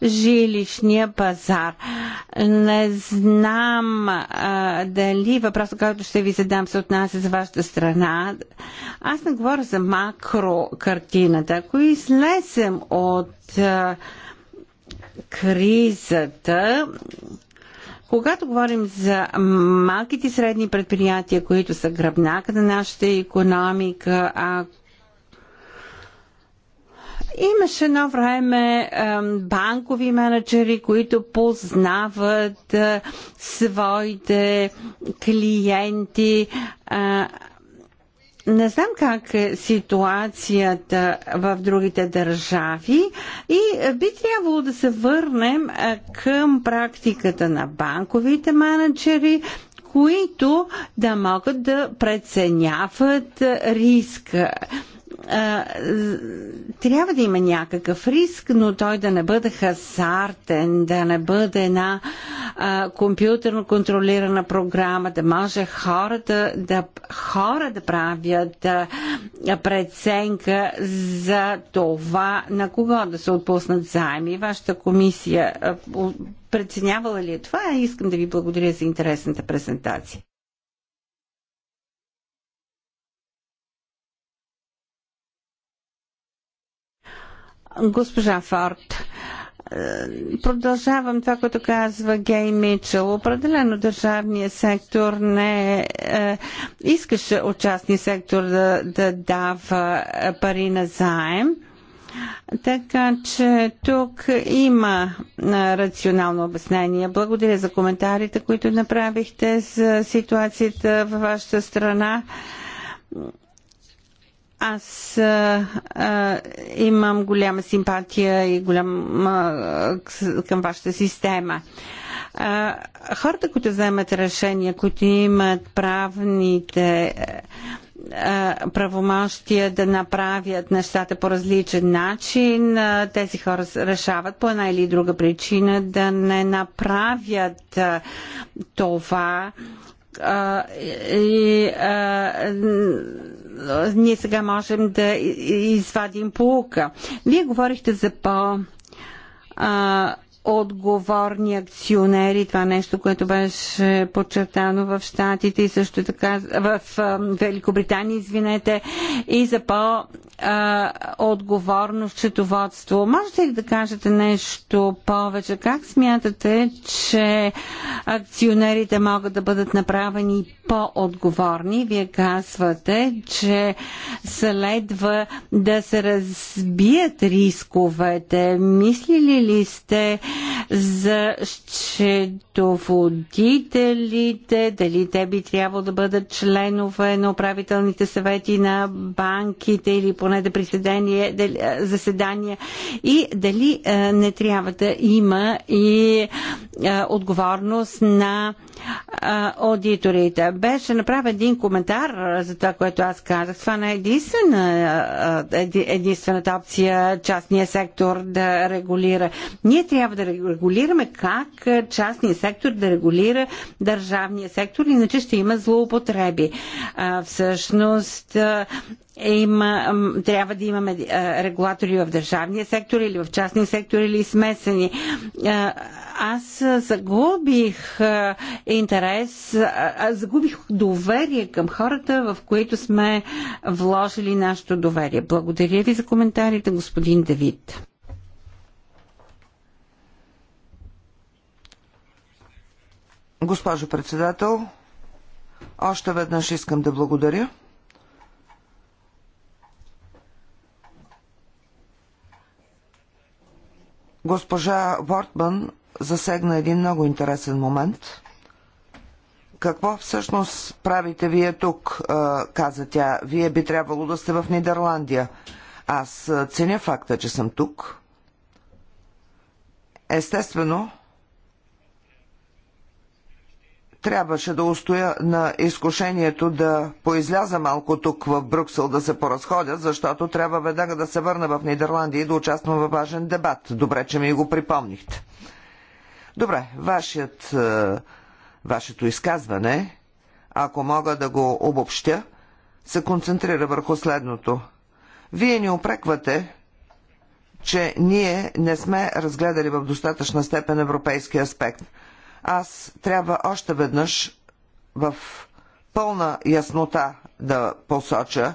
жилищния пазар. Не знам дали въпросът, който ще ви задам, се отнася за вашата страна. Аз не говоря за макро картината. Ако излезем от кризата, когато говорим за малките и средни предприятия, които са гръбнака на нашата економика, ако Имаше едно време банкови менеджери, които познават своите клиенти. Не знам как е ситуацията в другите държави и би трябвало да се върнем към практиката на банковите менеджери, които да могат да преценяват риска трябва да има някакъв риск, но той да не бъде хазартен, да не бъде една а, компютърно контролирана програма, да може хората да, хора да правят а, преценка за това на кого да се отпуснат заеми. Вашата комисия а, преценявала ли е това? Искам да ви благодаря за интересната презентация. Госпожа Форд, е, продължавам това, което казва Гей Мичел. Определено държавният сектор не е, е искаше от частния сектор да, да дава е, пари на заем. Така че тук има рационално обяснение. Благодаря за коментарите, които направихте за ситуацията във вашата страна аз а, а, имам голяма симпатия и голяма към вашата система. А, хората, които вземат решения, които имат правните правомощия да направят нещата по различен начин. Тези хора решават по една или друга причина да не направят това. И ние сега можем да извадим полука. Вие говорихте за по- а, отговорни акционери. Това е нещо, което беше подчертано в Штатите и също така в Великобритания, извинете, и за по-отговорно счетоводство. Можете ли да кажете нещо повече? Как смятате, че акционерите могат да бъдат направени по-отговорни? Вие казвате, че следва да се разбият рисковете. Мислили ли сте, за счетоводителите, дали те би трябвало да бъдат членове на управителните съвети на банките или поне да приседание заседания и дали не трябва да има и отговорност на аудиторите. Беше направен един коментар за това, което аз казах. Това не е единствена, единствената опция частния сектор да регулира. Ние трябва да да регулираме как частния сектор да регулира държавния сектор, иначе ще има злоупотреби. Всъщност има, трябва да имаме регулатори в държавния сектор или в частния сектор или смесени. Аз загубих интерес, загубих доверие към хората, в които сме вложили нашето доверие. Благодаря ви за коментарите, господин Давид. Госпожо председател, още веднъж искам да благодаря. Госпожа Вортман засегна един много интересен момент. Какво всъщност правите вие тук, каза тя. Вие би трябвало да сте в Нидерландия. Аз ценя факта, че съм тук. Естествено, трябваше да устоя на изкушението да поизляза малко тук в Брюксел да се поразходя, защото трябва веднага да се върна в Нидерландия и да участвам във важен дебат. Добре, че ми го припомнихте. Добре, вашият, е, вашето изказване, ако мога да го обобщя, се концентрира върху следното. Вие ни опреквате, че ние не сме разгледали в достатъчна степен европейски аспект – аз трябва още веднъж в пълна яснота да посоча,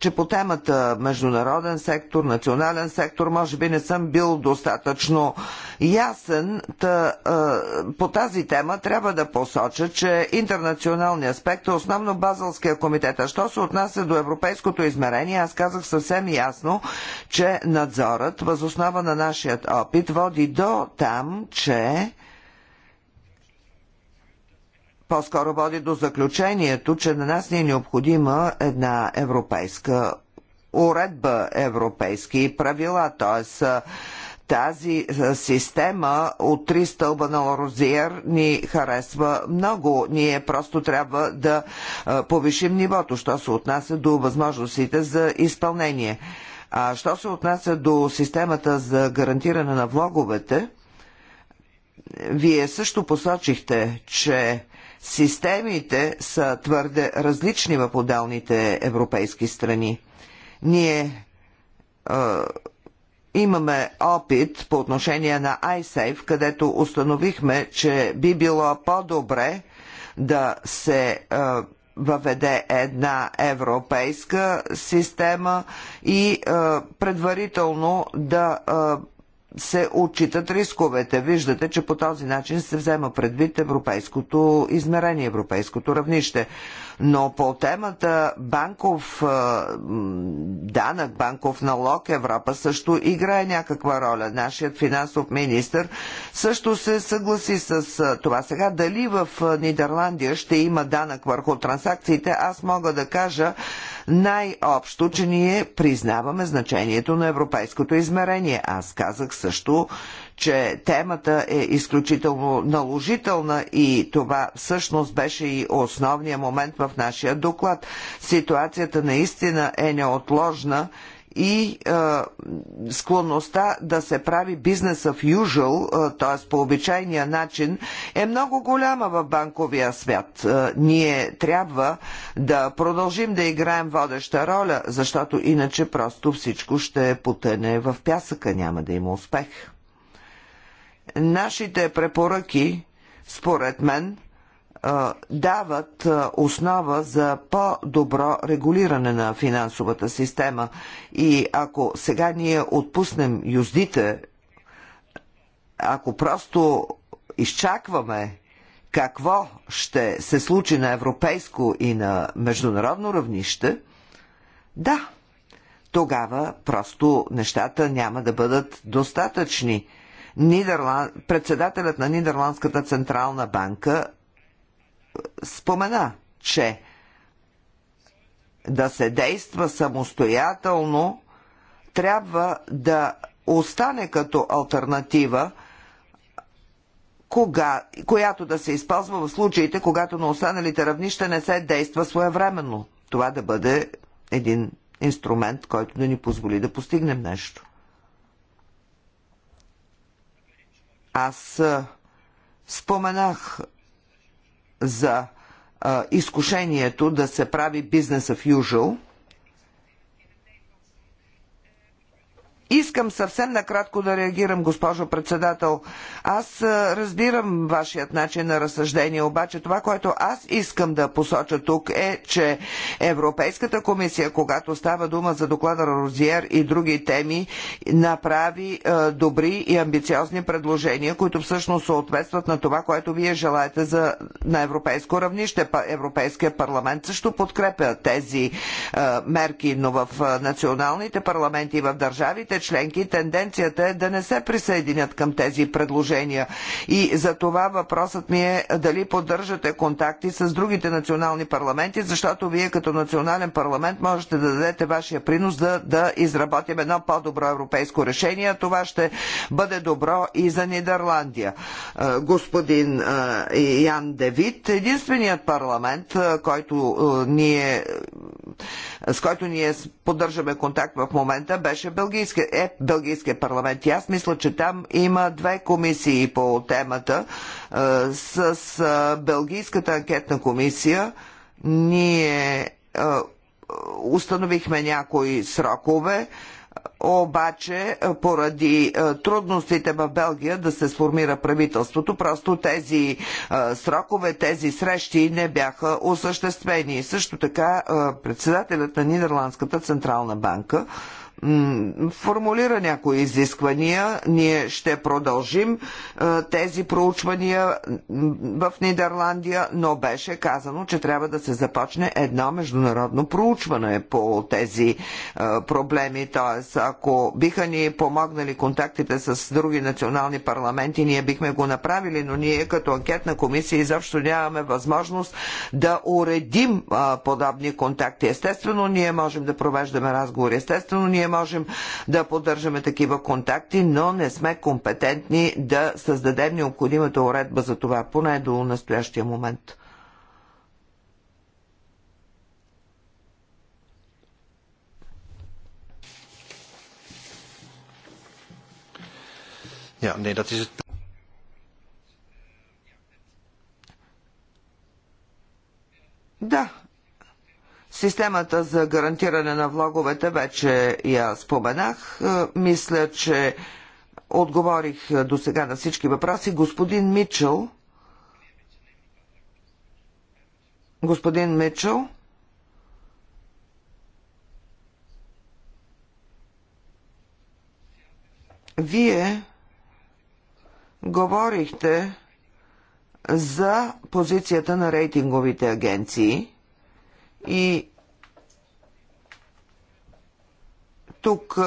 че по темата международен сектор, национален сектор, може би не съм бил достатъчно ясен. Та, е, по тази тема трябва да посоча, че интернационалният аспект е основно Базълския комитет. А що се отнася до европейското измерение, аз казах съвсем ясно, че надзорът, възоснова на нашият опит, води до там, че по-скоро води до заключението, че на нас ни е необходима една европейска уредба, европейски правила, т.е тази система от три стълба на Лорозиер ни харесва много. Ние просто трябва да повишим нивото, що се отнася до възможностите за изпълнение. А що се отнася до системата за гарантиране на влоговете, вие също посочихте, че Системите са твърде различни в отделните европейски страни. Ние е, имаме опит по отношение на iSafe, където установихме, че би било по-добре да се е, въведе една европейска система и е, предварително да е, се отчитат рисковете. Виждате, че по този начин се взема предвид европейското измерение, европейското равнище. Но по темата банков данък, банков налог, Европа също играе някаква роля. Нашият финансов министр също се съгласи с това. Сега дали в Нидерландия ще има данък върху транзакциите, аз мога да кажа, най-общо, че ние признаваме значението на европейското измерение. Аз казах също, че темата е изключително наложителна и това всъщност беше и основният момент в нашия доклад. Ситуацията наистина е неотложна и а, склонността да се прави бизнес of usual, т.е. по обичайния начин, е много голяма в банковия свят. А, ние трябва да продължим да играем водеща роля, защото иначе просто всичко ще потъне в пясъка, няма да има успех. Нашите препоръки, според мен, дават основа за по-добро регулиране на финансовата система. И ако сега ние отпуснем юздите, ако просто изчакваме какво ще се случи на европейско и на международно равнище, да, тогава просто нещата няма да бъдат достатъчни. Нидерланд... Председателят на Нидерландската централна банка спомена, че да се действа самостоятелно трябва да остане като альтернатива, кога, която да се използва в случаите, когато на останалите равнища не се действа своевременно. Това да бъде един инструмент, който да ни позволи да постигнем нещо. Аз споменах за изкушението да се прави бизнес as usual – Искам съвсем накратко да реагирам, госпожо председател. Аз разбирам вашият начин на разсъждение, обаче това, което аз искам да посоча тук е, че Европейската комисия, когато става дума за доклада Розиер и други теми, направи добри и амбициозни предложения, които всъщност съответстват на това, което вие желаете за, на европейско равнище. Европейския парламент също подкрепя тези мерки, но в националните парламенти и в държавите членки тенденцията е да не се присъединят към тези предложения. И за това въпросът ми е дали поддържате контакти с другите национални парламенти, защото вие като национален парламент можете да дадете вашия принос да, да изработим едно по-добро европейско решение. Това ще бъде добро и за Нидерландия. Е, господин е, Ян Девит, единственият парламент, е, който ние, с който ние поддържаме контакт в момента, беше Белгийския е Белгийския парламент. И аз мисля, че там има две комисии по темата. Е, с е, Белгийската анкетна комисия ние е, установихме някои срокове, обаче поради трудностите в Белгия да се сформира правителството, просто тези срокове, тези срещи не бяха осъществени. Също така председателят на Нидерландската централна банка формулира някои изисквания. Ние ще продължим тези проучвания в Нидерландия, но беше казано, че трябва да се започне едно международно проучване по тези проблеми. Т.е. ако биха ни помогнали контактите с други национални парламенти, ние бихме го направили, но ние като анкетна комисия изобщо нямаме възможност да уредим подобни контакти. Естествено, ние можем да провеждаме разговори. Естествено, ние можем да поддържаме такива контакти, но не сме компетентни да създадем необходимата уредба за това, поне до настоящия момент. Ja, nee, dat is het. Да, Системата за гарантиране на влоговете вече я споменах. Е, мисля, че отговорих до сега на всички въпроси. Господин Мичел. Господин Мичел. Вие говорихте за позицията на рейтинговите агенции и Тук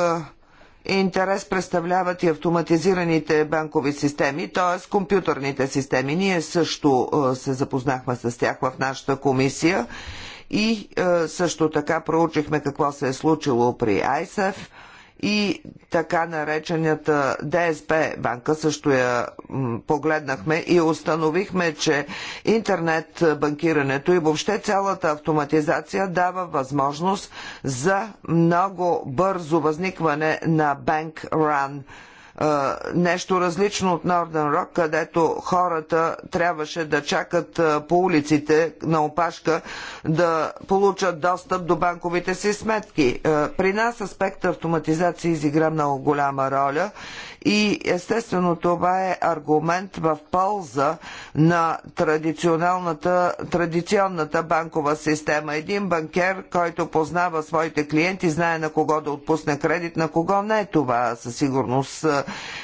интерес представляват и автоматизираните банкови системи, т.е. компютърните системи. Ние също се запознахме с тях в нашата комисия и също така проучихме какво се е случило при ISEF и така наречената ДСП банка, също я погледнахме и установихме, че интернет банкирането и въобще цялата автоматизация дава възможност за много бързо възникване на банк ран – нещо различно от Northern Rock, където хората трябваше да чакат по улиците на опашка да получат достъп до банковите си сметки. При нас аспекта автоматизация изигра много голяма роля и естествено това е аргумент в полза на традиционалната, традиционната банкова система. Един банкер, който познава своите клиенти, знае на кого да отпусне кредит, на кого не. Това със сигурност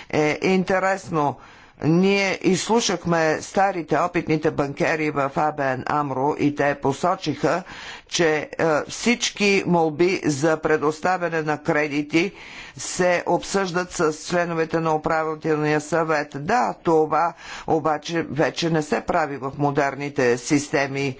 е интересно. Ние изслушахме старите опитните банкери в АБН Амро и те посочиха, че е, всички молби за предоставяне на кредити се обсъждат с членовете на управителния съвет. Да, това обаче вече не се прави в модерните системи е,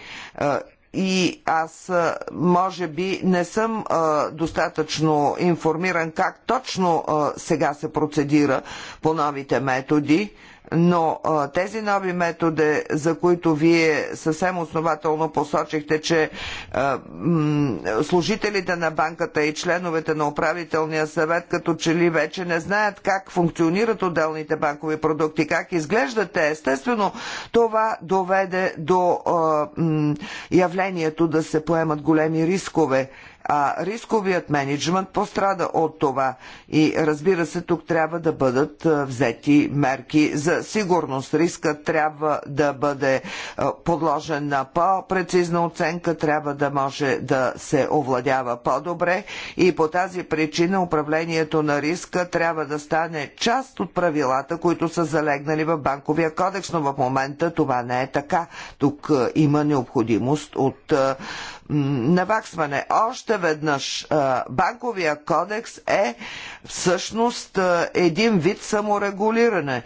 и аз може би не съм а, достатъчно информиран как точно а, сега се процедира по новите методи но а, тези нови методи, за които вие съвсем основателно посочихте, че а, служителите на банката и членовете на управителния съвет като че ли вече не знаят как функционират отделните банкови продукти, как изглеждат те. Естествено, това доведе до а, явлението да се поемат големи рискове а рисковият менеджмент пострада от това. И разбира се, тук трябва да бъдат взети мерки за сигурност. Риска трябва да бъде подложен на по-прецизна оценка, трябва да може да се овладява по-добре и по тази причина управлението на риска трябва да стане част от правилата, които са залегнали в банковия кодекс, но в момента това не е така. Тук има необходимост от наваксване. Още веднъж банковия кодекс е всъщност един вид саморегулиране.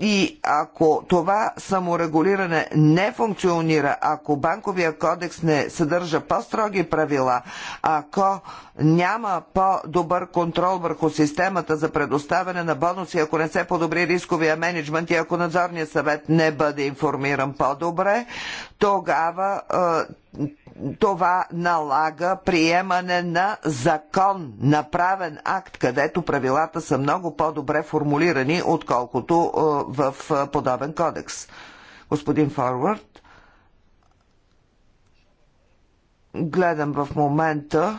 И ако това саморегулиране не функционира, ако банковия кодекс не съдържа по-строги правила, ако няма по-добър контрол върху системата за предоставяне на бонуси, ако не се подобри рисковия менеджмент и ако надзорният съвет не бъде информиран по-добре, тогава е, това налага приемане на закон, направен акт, където правилата са много по-добре формулирани, отколкото е, в е, подобен кодекс. Господин Форвард, гледам в момента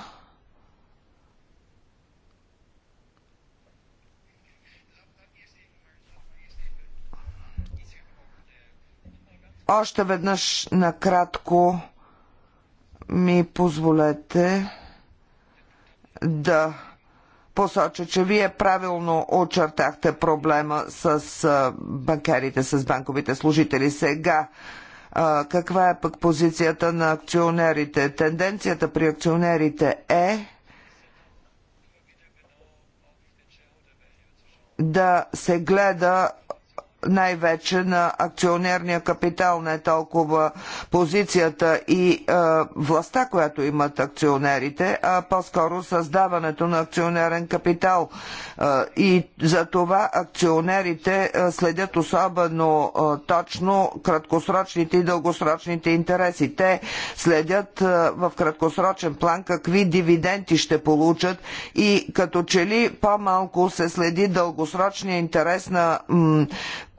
Още веднъж накратко ми позволете да посоча, че вие правилно очертахте проблема с банкерите, с банковите служители. Сега каква е пък позицията на акционерите? Тенденцията при акционерите е да се гледа най-вече на акционерния капитал, не толкова позицията и е, властта, която имат акционерите, а по-скоро създаването на акционерен капитал. Е, и за това акционерите е, следят особено е, точно краткосрочните и дългосрочните интереси. Те следят е, в краткосрочен план какви дивиденти ще получат и като че ли по-малко се следи дългосрочния интерес на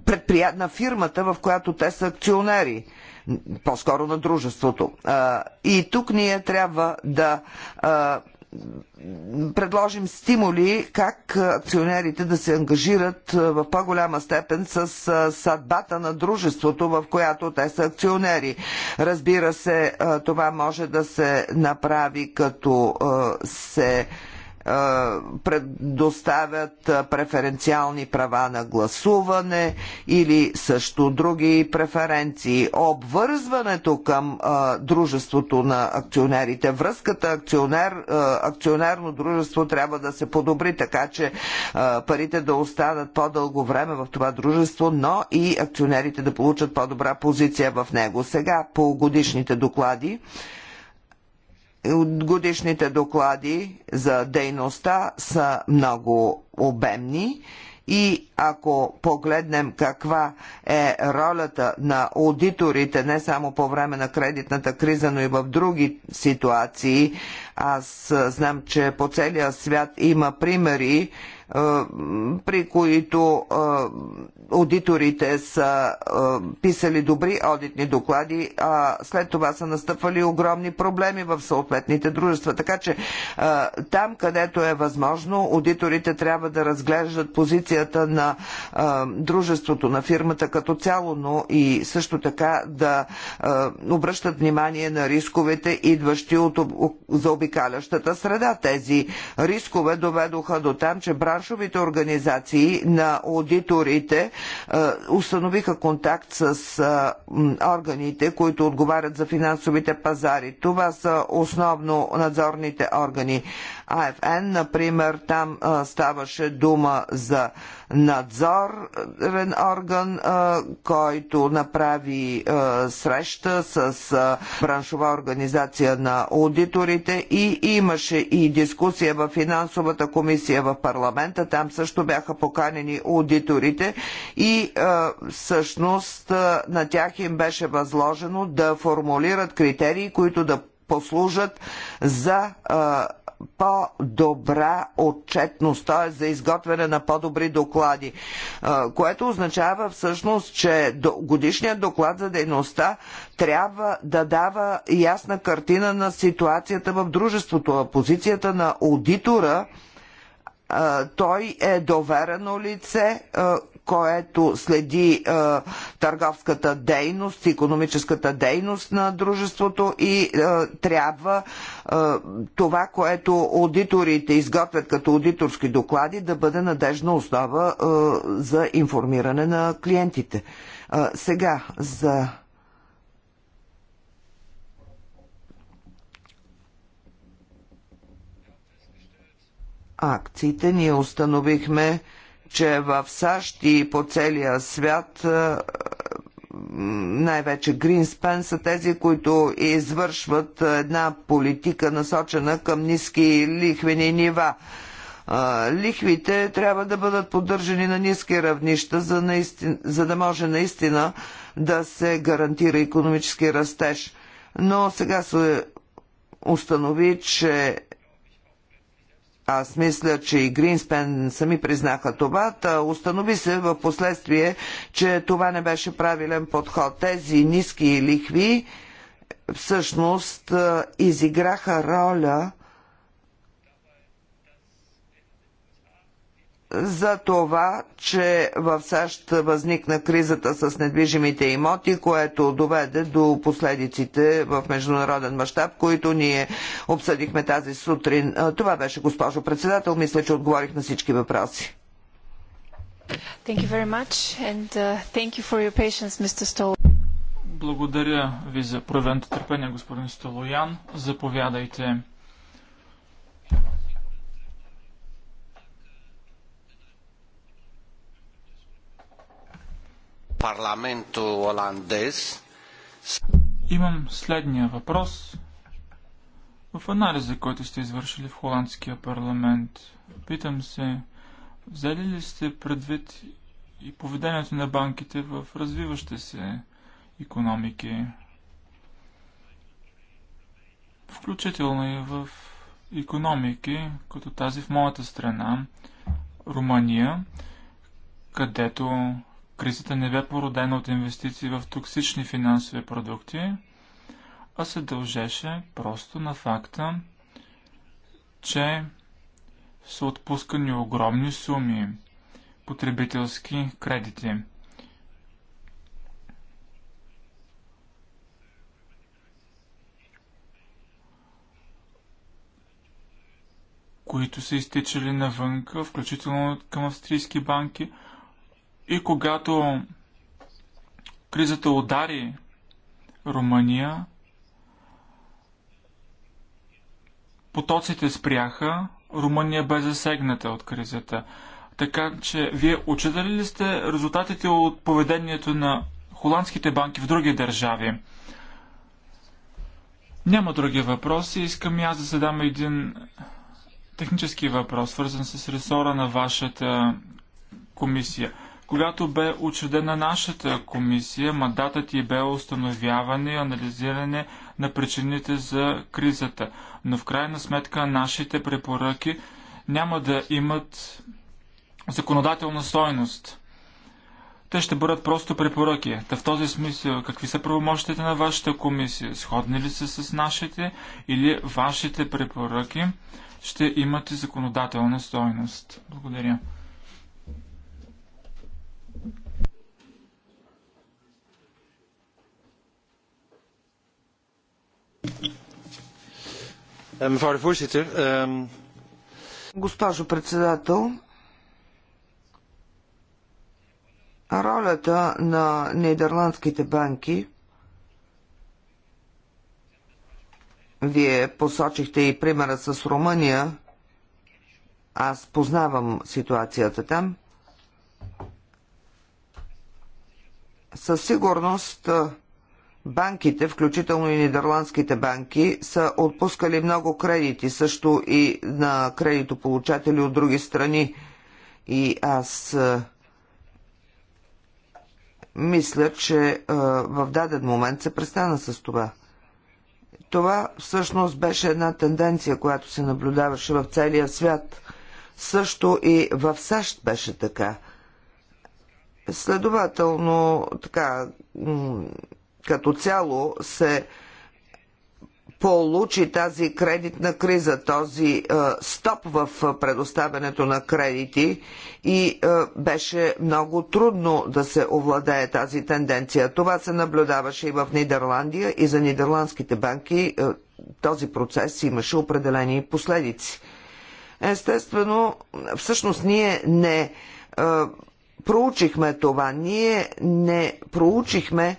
предприят... на фирмата, в която те са акционери по-скоро на дружеството. И тук ние трябва да предложим стимули как акционерите да се ангажират в по-голяма степен с съдбата на дружеството, в която те са акционери. Разбира се, това може да се направи като се предоставят преференциални права на гласуване или също други преференции. Обвързването към дружеството на акционерите, връзката акционер, акционерно дружество трябва да се подобри, така че парите да останат по-дълго време в това дружество, но и акционерите да получат по-добра позиция в него. Сега по годишните доклади годишните доклади за дейността са много обемни и ако погледнем каква е ролята на аудиторите не само по време на кредитната криза, но и в други ситуации, аз знам, че по целия свят има примери, при които аудиторите са писали добри одитни доклади, а след това са настъпвали огромни проблеми в съответните дружества. Така че там, където е възможно, аудиторите трябва да разглеждат позицията на дружеството, на фирмата като цяло, но и също така да обръщат внимание на рисковете, идващи от заобикалящата среда. Тези рискове доведоха до там, че брат браншовите организации на аудиторите е, установиха контакт с е, органите, които отговарят за финансовите пазари. Това са основно надзорните органи. АФН, например, там а, ставаше дума за надзорен орган, а, който направи а, среща с а, браншова организация на аудиторите и имаше и дискусия в финансовата комисия в парламента. Там също бяха поканени аудиторите и а, всъщност а, на тях им беше възложено да формулират критерии, които да послужат за а, по-добра отчетност, т.е. за изготвяне на по-добри доклади, което означава всъщност, че годишният доклад за дейността трябва да дава ясна картина на ситуацията в дружеството, а позицията на аудитора той е доверено лице което следи е, търговската дейност, економическата дейност на дружеството и е, трябва е, това, което аудиторите изготвят като аудиторски доклади, да бъде надежна основа е, за информиране на клиентите. Е, сега за. Акциите ние установихме, че в САЩ и по целия свят е, най-вече Гринспен са тези, които извършват една политика насочена към ниски лихвени нива. Е, лихвите трябва да бъдат поддържани на ниски равнища, за, наистина, за да може наистина да се гарантира економически растеж. Но сега се установи, че аз мисля, че и Гринспен сами признаха това, та установи се в последствие, че това не беше правилен подход. Тези ниски лихви всъщност изиграха роля – за това, че в САЩ възникна кризата с недвижимите имоти, което доведе до последиците в международен мащаб, които ние обсъдихме тази сутрин. Това беше, госпожо председател. Мисля, че отговорих на всички въпроси. You uh, patience, Благодаря ви за проявеното търпение, господин Столоян. Заповядайте. парламенту Оландес. Имам следния въпрос. В анализа, който сте извършили в Холандския парламент, питам се, взели ли сте предвид и поведението на банките в развиващи се економики, включително и в економики, като тази в моята страна, Румъния, където Кризата не бе породена от инвестиции в токсични финансови продукти, а се дължеше просто на факта, че са отпускани огромни суми потребителски кредити. които са изтичали навънка, включително към австрийски банки – и когато кризата удари Румъния, потоците спряха, Румъния бе засегната от кризата. Така че, вие отчитали ли сте резултатите от поведението на холандските банки в други държави? Няма други въпроси. Искам и аз да задам един технически въпрос, свързан с ресора на вашата комисия. Когато бе учредена нашата комисия, мандатът ти бе установяване и анализиране на причините за кризата. Но в крайна сметка нашите препоръки няма да имат законодателна стойност. Те ще бъдат просто препоръки. Та в този смисъл, какви са правомощите на вашата комисия? Сходни ли са с нашите или вашите препоръки ще имат и законодателна стойност? Благодаря. Е, Госпожо председател, ролята на нидерландските банки вие посочихте и примера с Румъния. Аз познавам ситуацията там. Със сигурност банките, включително и нидерландските банки, са отпускали много кредити, също и на кредитополучатели от други страни. И аз е, мисля, че е, в даден момент се престана с това. Това всъщност беше една тенденция, която се наблюдаваше в целия свят. Също и в САЩ беше така. Следователно, така, като цяло се получи тази кредитна криза, този е, стоп в предоставянето на кредити и е, беше много трудно да се овладее тази тенденция. Това се наблюдаваше и в Нидерландия и за нидерландските банки е, този процес имаше определени последици. Естествено, всъщност ние не е, проучихме това, ние не проучихме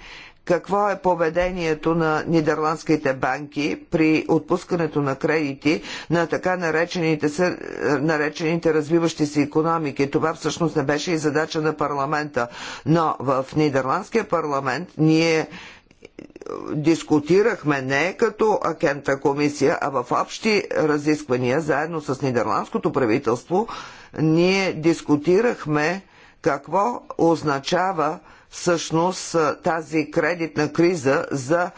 какво е поведението на нидерландските банки при отпускането на кредити на така наречените, наречените развиващи се економики. Това всъщност не беше и задача на парламента. Но в нидерландския парламент ние е, дискутирахме не като акента комисия, а в общи разисквания, заедно с нидерландското правителство, ние дискутирахме какво означава всъщност тази кредитна криза за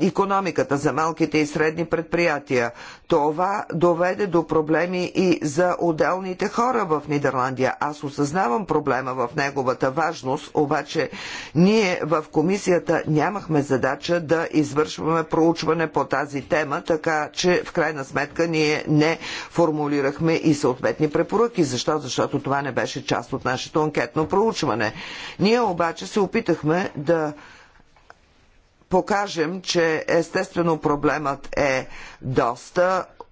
економиката за малките и средни предприятия. Това доведе до проблеми и за отделните хора в Нидерландия. Аз осъзнавам проблема в неговата важност, обаче ние в комисията нямахме задача да извършваме проучване по тази тема, така че в крайна сметка ние не формулирахме и съответни препоръки. Защо? Защото това не беше част от нашето анкетно проучване. Ние обаче се опитахме да покажем, че естествено проблемът е доста е,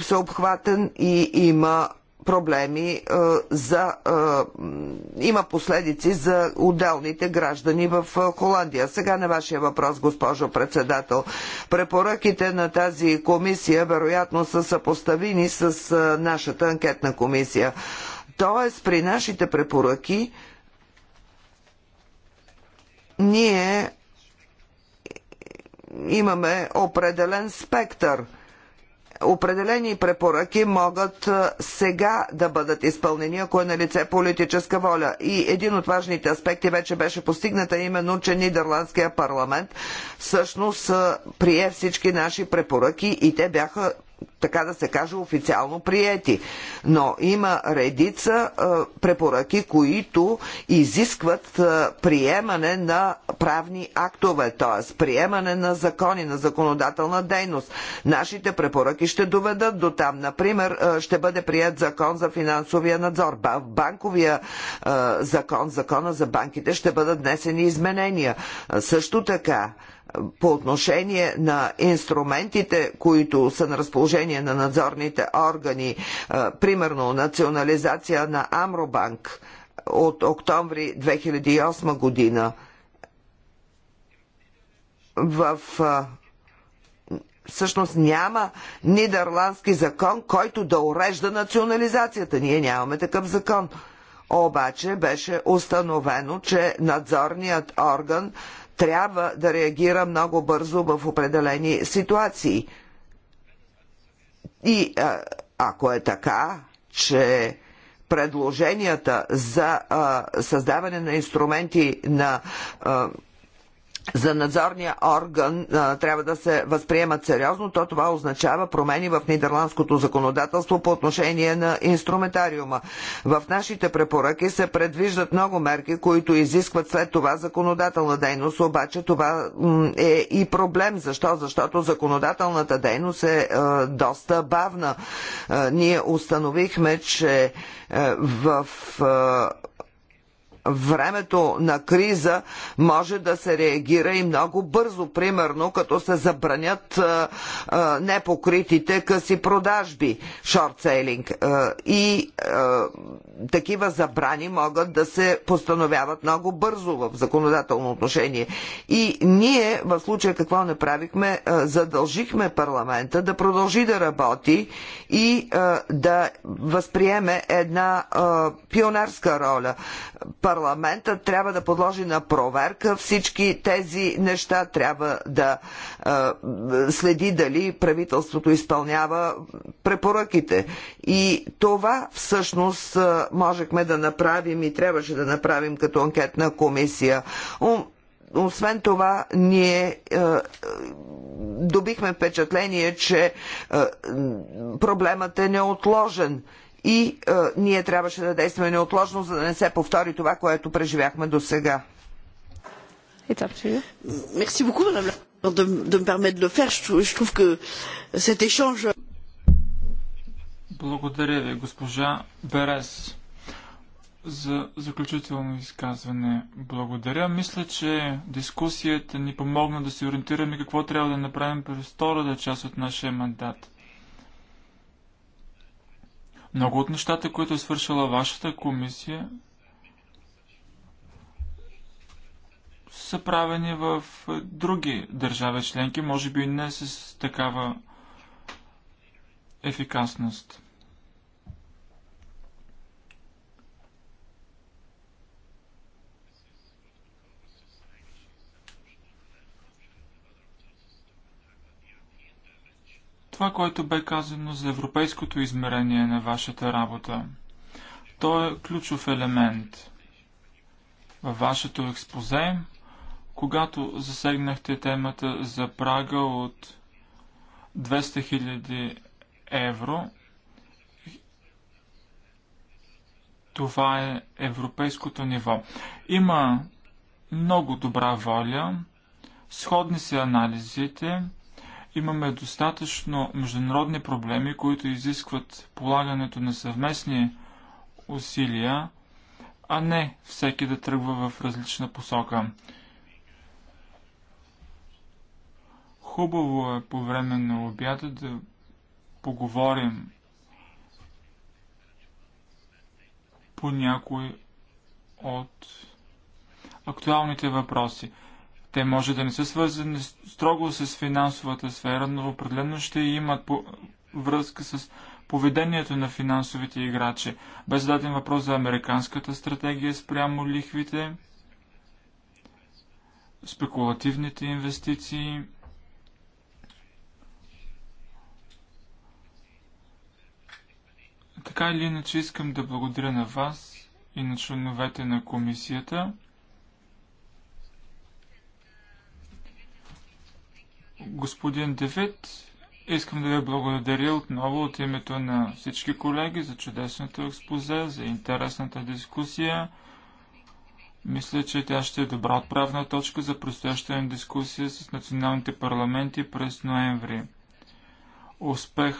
всеобхватен и има проблеми е, за е, има последици за отделните граждани в Холандия. Сега на вашия въпрос, госпожо председател. Препоръките на тази комисия вероятно са съпоставими с нашата анкетна комисия. Тоест, при нашите препоръки ние имаме определен спектър – определени препоръки могат сега да бъдат изпълнени, ако е на лице политическа воля. И един от важните аспекти вече беше постигната, именно, че Нидерландския парламент всъщност прие всички наши препоръки и те бяха така да се каже, официално приети. Но има редица е, препоръки, които изискват е, приемане на правни актове, т.е. приемане на закони, на законодателна дейност. Нашите препоръки ще доведат до там. Например, е, ще бъде прият закон за финансовия надзор. В банковия закон, закона за банките ще бъдат внесени изменения. Също така, по отношение на инструментите, които са на разположение на надзорните органи, е, примерно национализация на Амробанк от октомври 2008 година в е, всъщност няма нидерландски закон, който да урежда национализацията. Ние нямаме такъв закон. Обаче беше установено, че надзорният орган трябва да реагира много бързо в определени ситуации. И ако е така, че предложенията за а, създаване на инструменти на а, за надзорния орган а, трябва да се възприемат сериозно, то това означава промени в нидерландското законодателство по отношение на инструментариума. В нашите препоръки се предвиждат много мерки, които изискват след това законодателна дейност, обаче това е и проблем. Защо? Защото законодателната дейност е а, доста бавна. А, ние установихме, че е, в времето на криза може да се реагира и много бързо, примерно като се забранят непокритите къси продажби, шортсейлинг. И такива забрани могат да се постановяват много бързо в законодателно отношение. И ние в случая какво направихме? Задължихме парламента да продължи да работи и да възприеме една пионерска роля. Парламент парламентът трябва да подложи на проверка всички тези неща, трябва да следи дали правителството изпълнява препоръките. И това всъщност можехме да направим и трябваше да направим като анкетна комисия освен това, ние е, добихме впечатление, че е, проблемът е неотложен и е, ние трябваше да действаме неотложно, за да не се повтори това, което преживяхме до сега. Благодаря ви, госпожа Берес, за заключително изказване. Благодаря. Мисля, че дискусията ни помогна да се ориентираме какво трябва да направим през втората част от нашия мандат. Много от нещата, които е свършила вашата комисия, са правени в е, други държави членки, може би не с такава ефикасност. това, което бе казано за европейското измерение на вашата работа. То е ключов елемент. Във вашето експозе, когато засегнахте темата за прага от 200 000 евро, това е европейското ниво. Има много добра воля, сходни се анализите, Имаме достатъчно международни проблеми, които изискват полагането на съвместни усилия, а не всеки да тръгва в различна посока. Хубаво е по време на обяда да поговорим по някои от актуалните въпроси. Те може да не са свързани строго с финансовата сфера, но определено ще имат по- връзка с поведението на финансовите играчи. Бе зададен въпрос за американската стратегия спрямо лихвите, спекулативните инвестиции. Така или иначе искам да благодаря на вас и на членовете на комисията. Господин Девит, искам да ви благодаря отново от името на всички колеги за чудесното експозе, за интересната дискусия. Мисля, че тя ще е добра отправна точка за предстояща дискусия с националните парламенти през ноември. Успех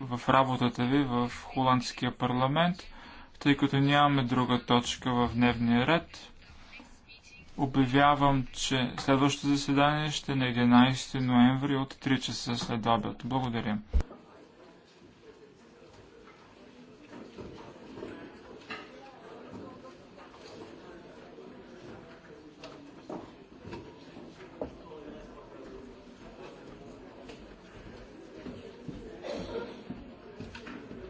в работата ви в Холандския парламент, тъй като нямаме друга точка в дневния ред. Обявявам, че следващото заседание ще е на 11 ноември от 3 часа след обед. Благодаря.